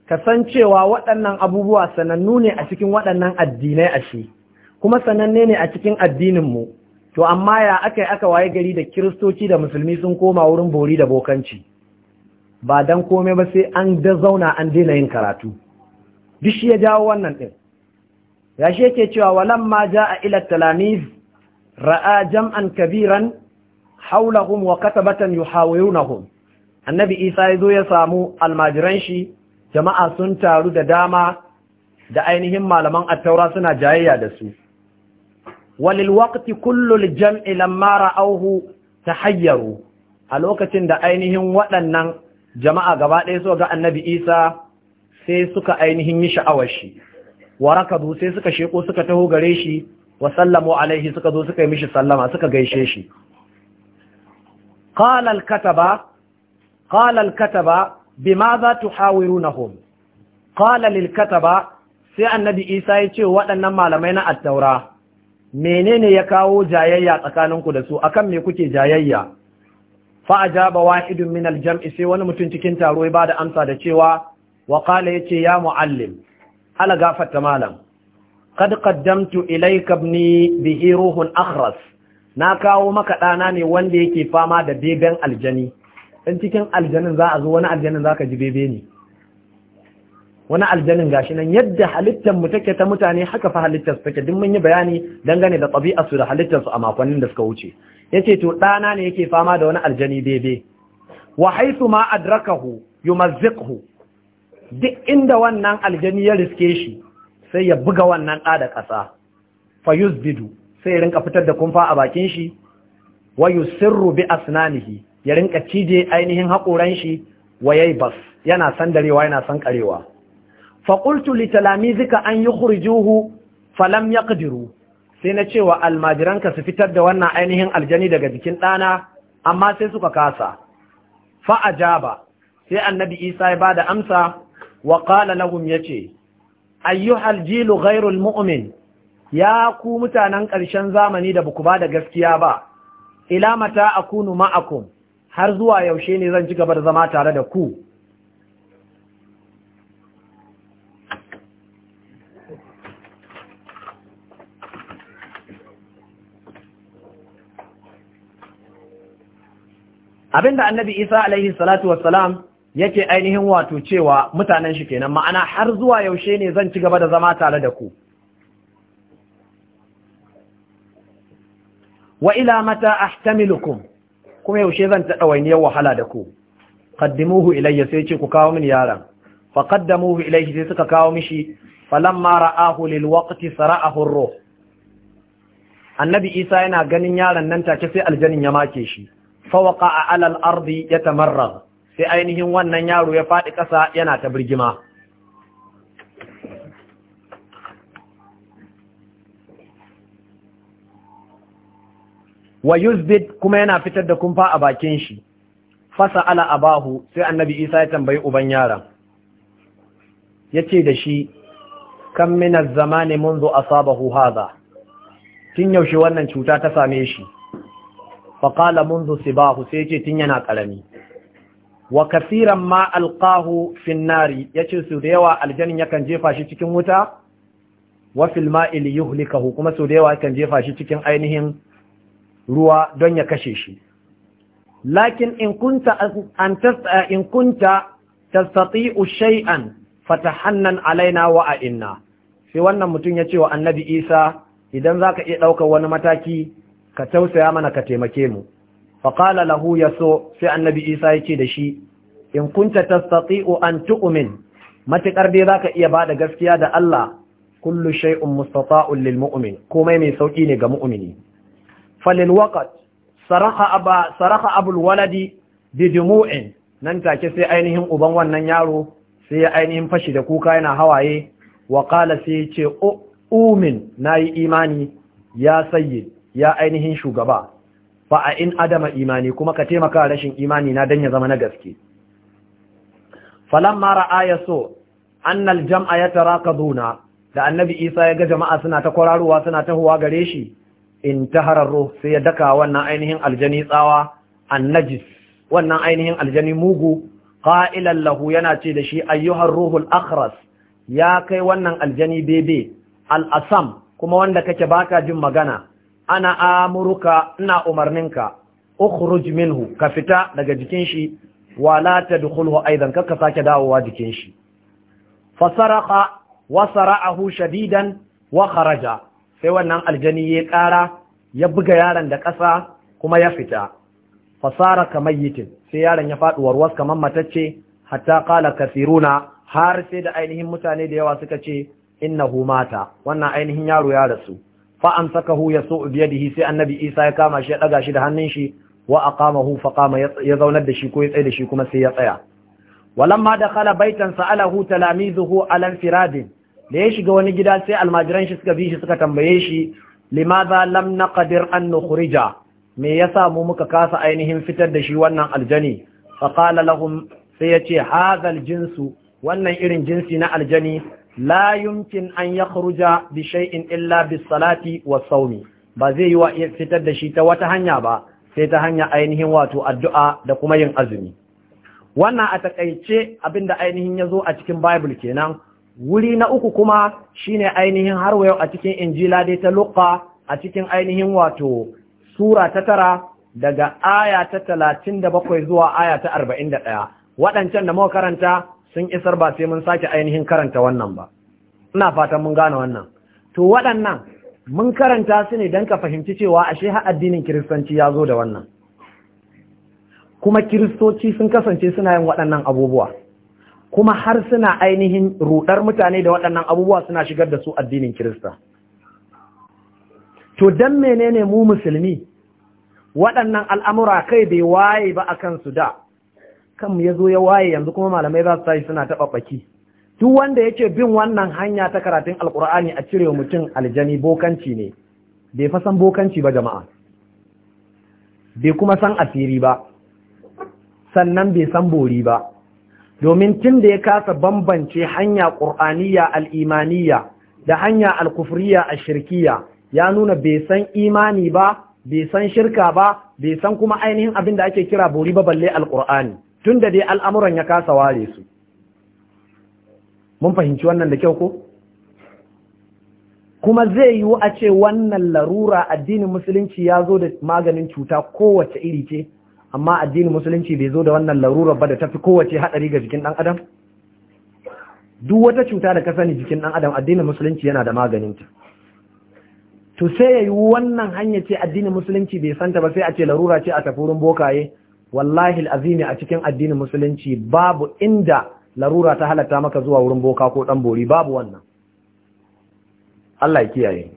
ka san cewa waɗannan abubuwa sanannu ne a cikin waɗannan addinai ashe kuma sananne ne a cikin addininmu to amma ya aka yi aka waye gari da kiristoci da musulmi sun koma wurin bori da bokanci ba dan kome ba sai an da zauna an daina yin karatu duk shi ya jawo wannan din ya shi yake cewa walamma jaa ila talamiz ra'a jam'an kabiran haulahum wa katabatan yuhawirunahum annabi isa ya zo ya samu almajiran shi jama'a sun taru da dama da ainihin malaman attaura suna jayayya da su walil waqti kullul jam'i auhu ta tahayyaru a lokacin da ainihin waɗannan jama'a gaba ɗaya suka ga annabi Isa sai suka ainihin yi sha'awar shi wa sai suka sheko suka taho gare shi wa sallamu alaihi suka zo suka yi mishi sallama suka gaishe shi Ƙalal al-kataba qala al-kataba bimadha tuhawirunahum qala lil-kataba sai annabi Isa ya ce waɗannan malamai na attaura menene ya kawo jayayya tsakaninku da su akan me kuke jayayya fa ajaba wahidun min aljam'i sai wani mutum cikin taro ya bada amsa da cewa wa qala yace ya muallim ala gafata malam qad qaddamtu ilayka ibni bihi ruhun akhras na kawo maka dana ne wanda yake fama da beben aljani Dan cikin aljanin za a zo wani aljanin zaka ji bebe ne wani aljanin gashi nan yadda halittar mu take ta mutane haka fa halittar su take duk mun yi bayani dangane da ɗabi'ar su da halittar su a makonnin da suka wuce yace to ɗana ne yake fama da wani aljani bebe wa haythu ma adrakahu yumazziqhu duk inda wannan aljani ya riske shi sai ya buga wannan ɗa da ƙasa fa yuzbidu sai ya rinka fitar da kumfa a bakin shi wa yusirru bi asnanihi ya rinka cije ainihin haƙoran shi wa bas yana sandarewa yana karewa faƙultu litalamizika an yi hurjuhu falam ya ƙadiru sai na cewa almajiranka su fitar da wannan ainihin aljani daga jikin ɗana amma sai suka kasa fa'ajaba sai annabi isa ya ba da amsa wa ƙala lahum ya ce ayyuhal jilu ghairul mu'min ya ku mutanen ƙarshen zamani da buku ba da gaskiya ba ila mata akunu ma'akum har zuwa yaushe ne zan ci gaba da zama tare da ku abinda annabi isa alaihi salatu wassalam yake ainihin wato cewa mutanen shi kenan ma'ana har zuwa yaushe ne zan ci gaba da zama tare da ku wa ila mata ahtamilukum kuma yaushe zan ta dawainiyar wahala da ku qaddimuhu ilayya sai ce ku kawo min yaran fa qaddamuhu ilayhi sai suka kawo mishi falamma ra'ahu lil waqti sara'ahu ar-ruh annabi isa yana ganin yaran nan take sai aljanin ya make shi fawaka a alal ardi ya tamarra sai ainihin wannan yaro ya faɗi ƙasa yana ta birgima wa yuzbid kuma yana fitar da kumfa a bakin shi fasa ala abahu sai annabi isa ya tambayi uban yaron ya ce da shi kan minar zamani munzo asabahu haza tun yaushe wannan cuta ta same shi faƙala munzu ba, sai ce tun yana ƙarami wa kasiran ma alƙahu finnari ya ce su da yawa aljanin yakan jefa shi cikin wuta wa filma ili yuhlikahu kuma su da yawa yakan jefa shi cikin ainihin ruwa don ya kashe shi lakin in kunta an in kunta tastati'u shay'an fatahannan alaina wa a inna sai wannan mutum ya ce wa annabi isa idan zaka iya ɗaukar wani mataki ka tausaya mana ka taimake mu faƙala lahu ya so sai annabi isa ya ce da shi in kunta tastati'u an tu'min matuƙar dai za ka iya ba da gaskiya da Allah kullu shay'un mustata'un lil mu'min komai mai sauƙi ne ga mu'mini falil waqt saraha aba saraha abul waladi bi dumu'in nan take sai ainihin uban wannan yaro sai ya ainihin fashi da kuka yana hawaye wa qala sai ya ce umin nayi imani ya sayyid ya ainihin shugaba fa a in adama imani kuma ka taimaka rashin imani na dan ya zama na gaske falamma ra'a so, annal jam'a yatarakaduna da annabi Isa ya ga jama'a suna ta kwararowa suna huwa gare shi in tahararru sai ya daka wannan ainihin aljani tsawa annajis wannan ainihin aljani mugu qa'ilan lahu yana ce da shi ayyuhar ruhul akhras ya kai wannan aljani bebe al-asam kuma wanda kake baka jin magana ana amuruka ina umarninka ukhruj minhu ka fita daga jikin shi wala tadkhulhu aidan kaka sake dawowa jikin shi wa sara'ahu shadidan wa kharaja sai wannan aljani ya kara ya buga yaron da ƙasa kuma ya fita sara kamayitin sai yaron ya faɗi warwas kamar matacce hatta qala kathiruna har sai da ainihin mutane da yawa suka ce innahu mata wannan ainihin yaro ya rasu so amsakahu yasu biyadihi sai annabi Isa ya kama shi ya daga shi da hannun shi wa aqamahu fa qama ya zaunar da shi ko ya tsaye da shi kuma sai ya tsaya walamma dakhala baitan sa'alahu talamizuhu alan firadin da ya shiga wani gida sai almajiran shi suka bi shi suka tambaye shi limadha lam naqdir an nukhrija me yasa mu muka kasa ainihin fitar da shi wannan aljani fa qala lahum sai yace hadha aljinsu wannan irin jinsi na aljani la yumkin an yakhruja bi shay'in illa bi salati wa sawmi ba zai yi wa fitar da shi ta wata hanya ba sai ta hanya ainihin wato addu'a da kuma yin azumi wannan a takaice da ainihin ya zo a cikin bible kenan wuri na uku kuma shine ainihin har wayo a cikin injila dai ta luqa a cikin ainihin wato sura ta tara daga aya ta talatin da bakwai zuwa aya ta arba'in da ɗaya waɗancan da muka karanta sun isar ba sai mun sake ainihin karanta wannan ba ina fatan mun gane wannan to waɗannan mun karanta su ne don ka fahimci cewa ashe haɗa addinin kiristanci ya zo da wannan kuma kiristoci sun kasance suna yin waɗannan abubuwa kuma har suna ainihin rudar mutane da waɗannan abubuwa suna shigar da su addinin kirista to don menene mu musulmi waɗannan al'amura kai bai waye ba a kansu da kanmu ya zo ya waye yanzu kuma malamai za su tashi suna taɓa baki duk wanda yake bin wannan hanya ta karatun alkur'ani a cire mutum aljani bokanci ne bai fa san bokanci ba jama'a bai kuma san asiri ba sannan bai san bori ba domin tun da ya kasa bambance hanya al al'imaniya da hanya alkufriya a shirkiya ya nuna bai san imani ba bai san shirka ba bai san kuma ainihin abin da ake kira bori ba balle alƙur'ani tun da dai al'amuran ya kasa ware su mun fahimci wannan da kyau ko kuma zai yiwu a ce wannan larura addinin musulunci ya zo da maganin cuta kowace iri ce amma addinin musulunci bai zo da wannan larura ba da tafi kowace haɗari ga jikin ɗan adam duk wata cuta da ka sani jikin ɗan adam addinin musulunci yana da maganinta to sai ya yi wannan hanya ce addinin musulunci bai santa ba sai a ce larura ce a tafurin bokaye wallahi azimi a cikin addinin musulunci babu inda larura ta halatta maka zuwa wurin boka ko ɗan bori babu wannan Allah ya kiyaye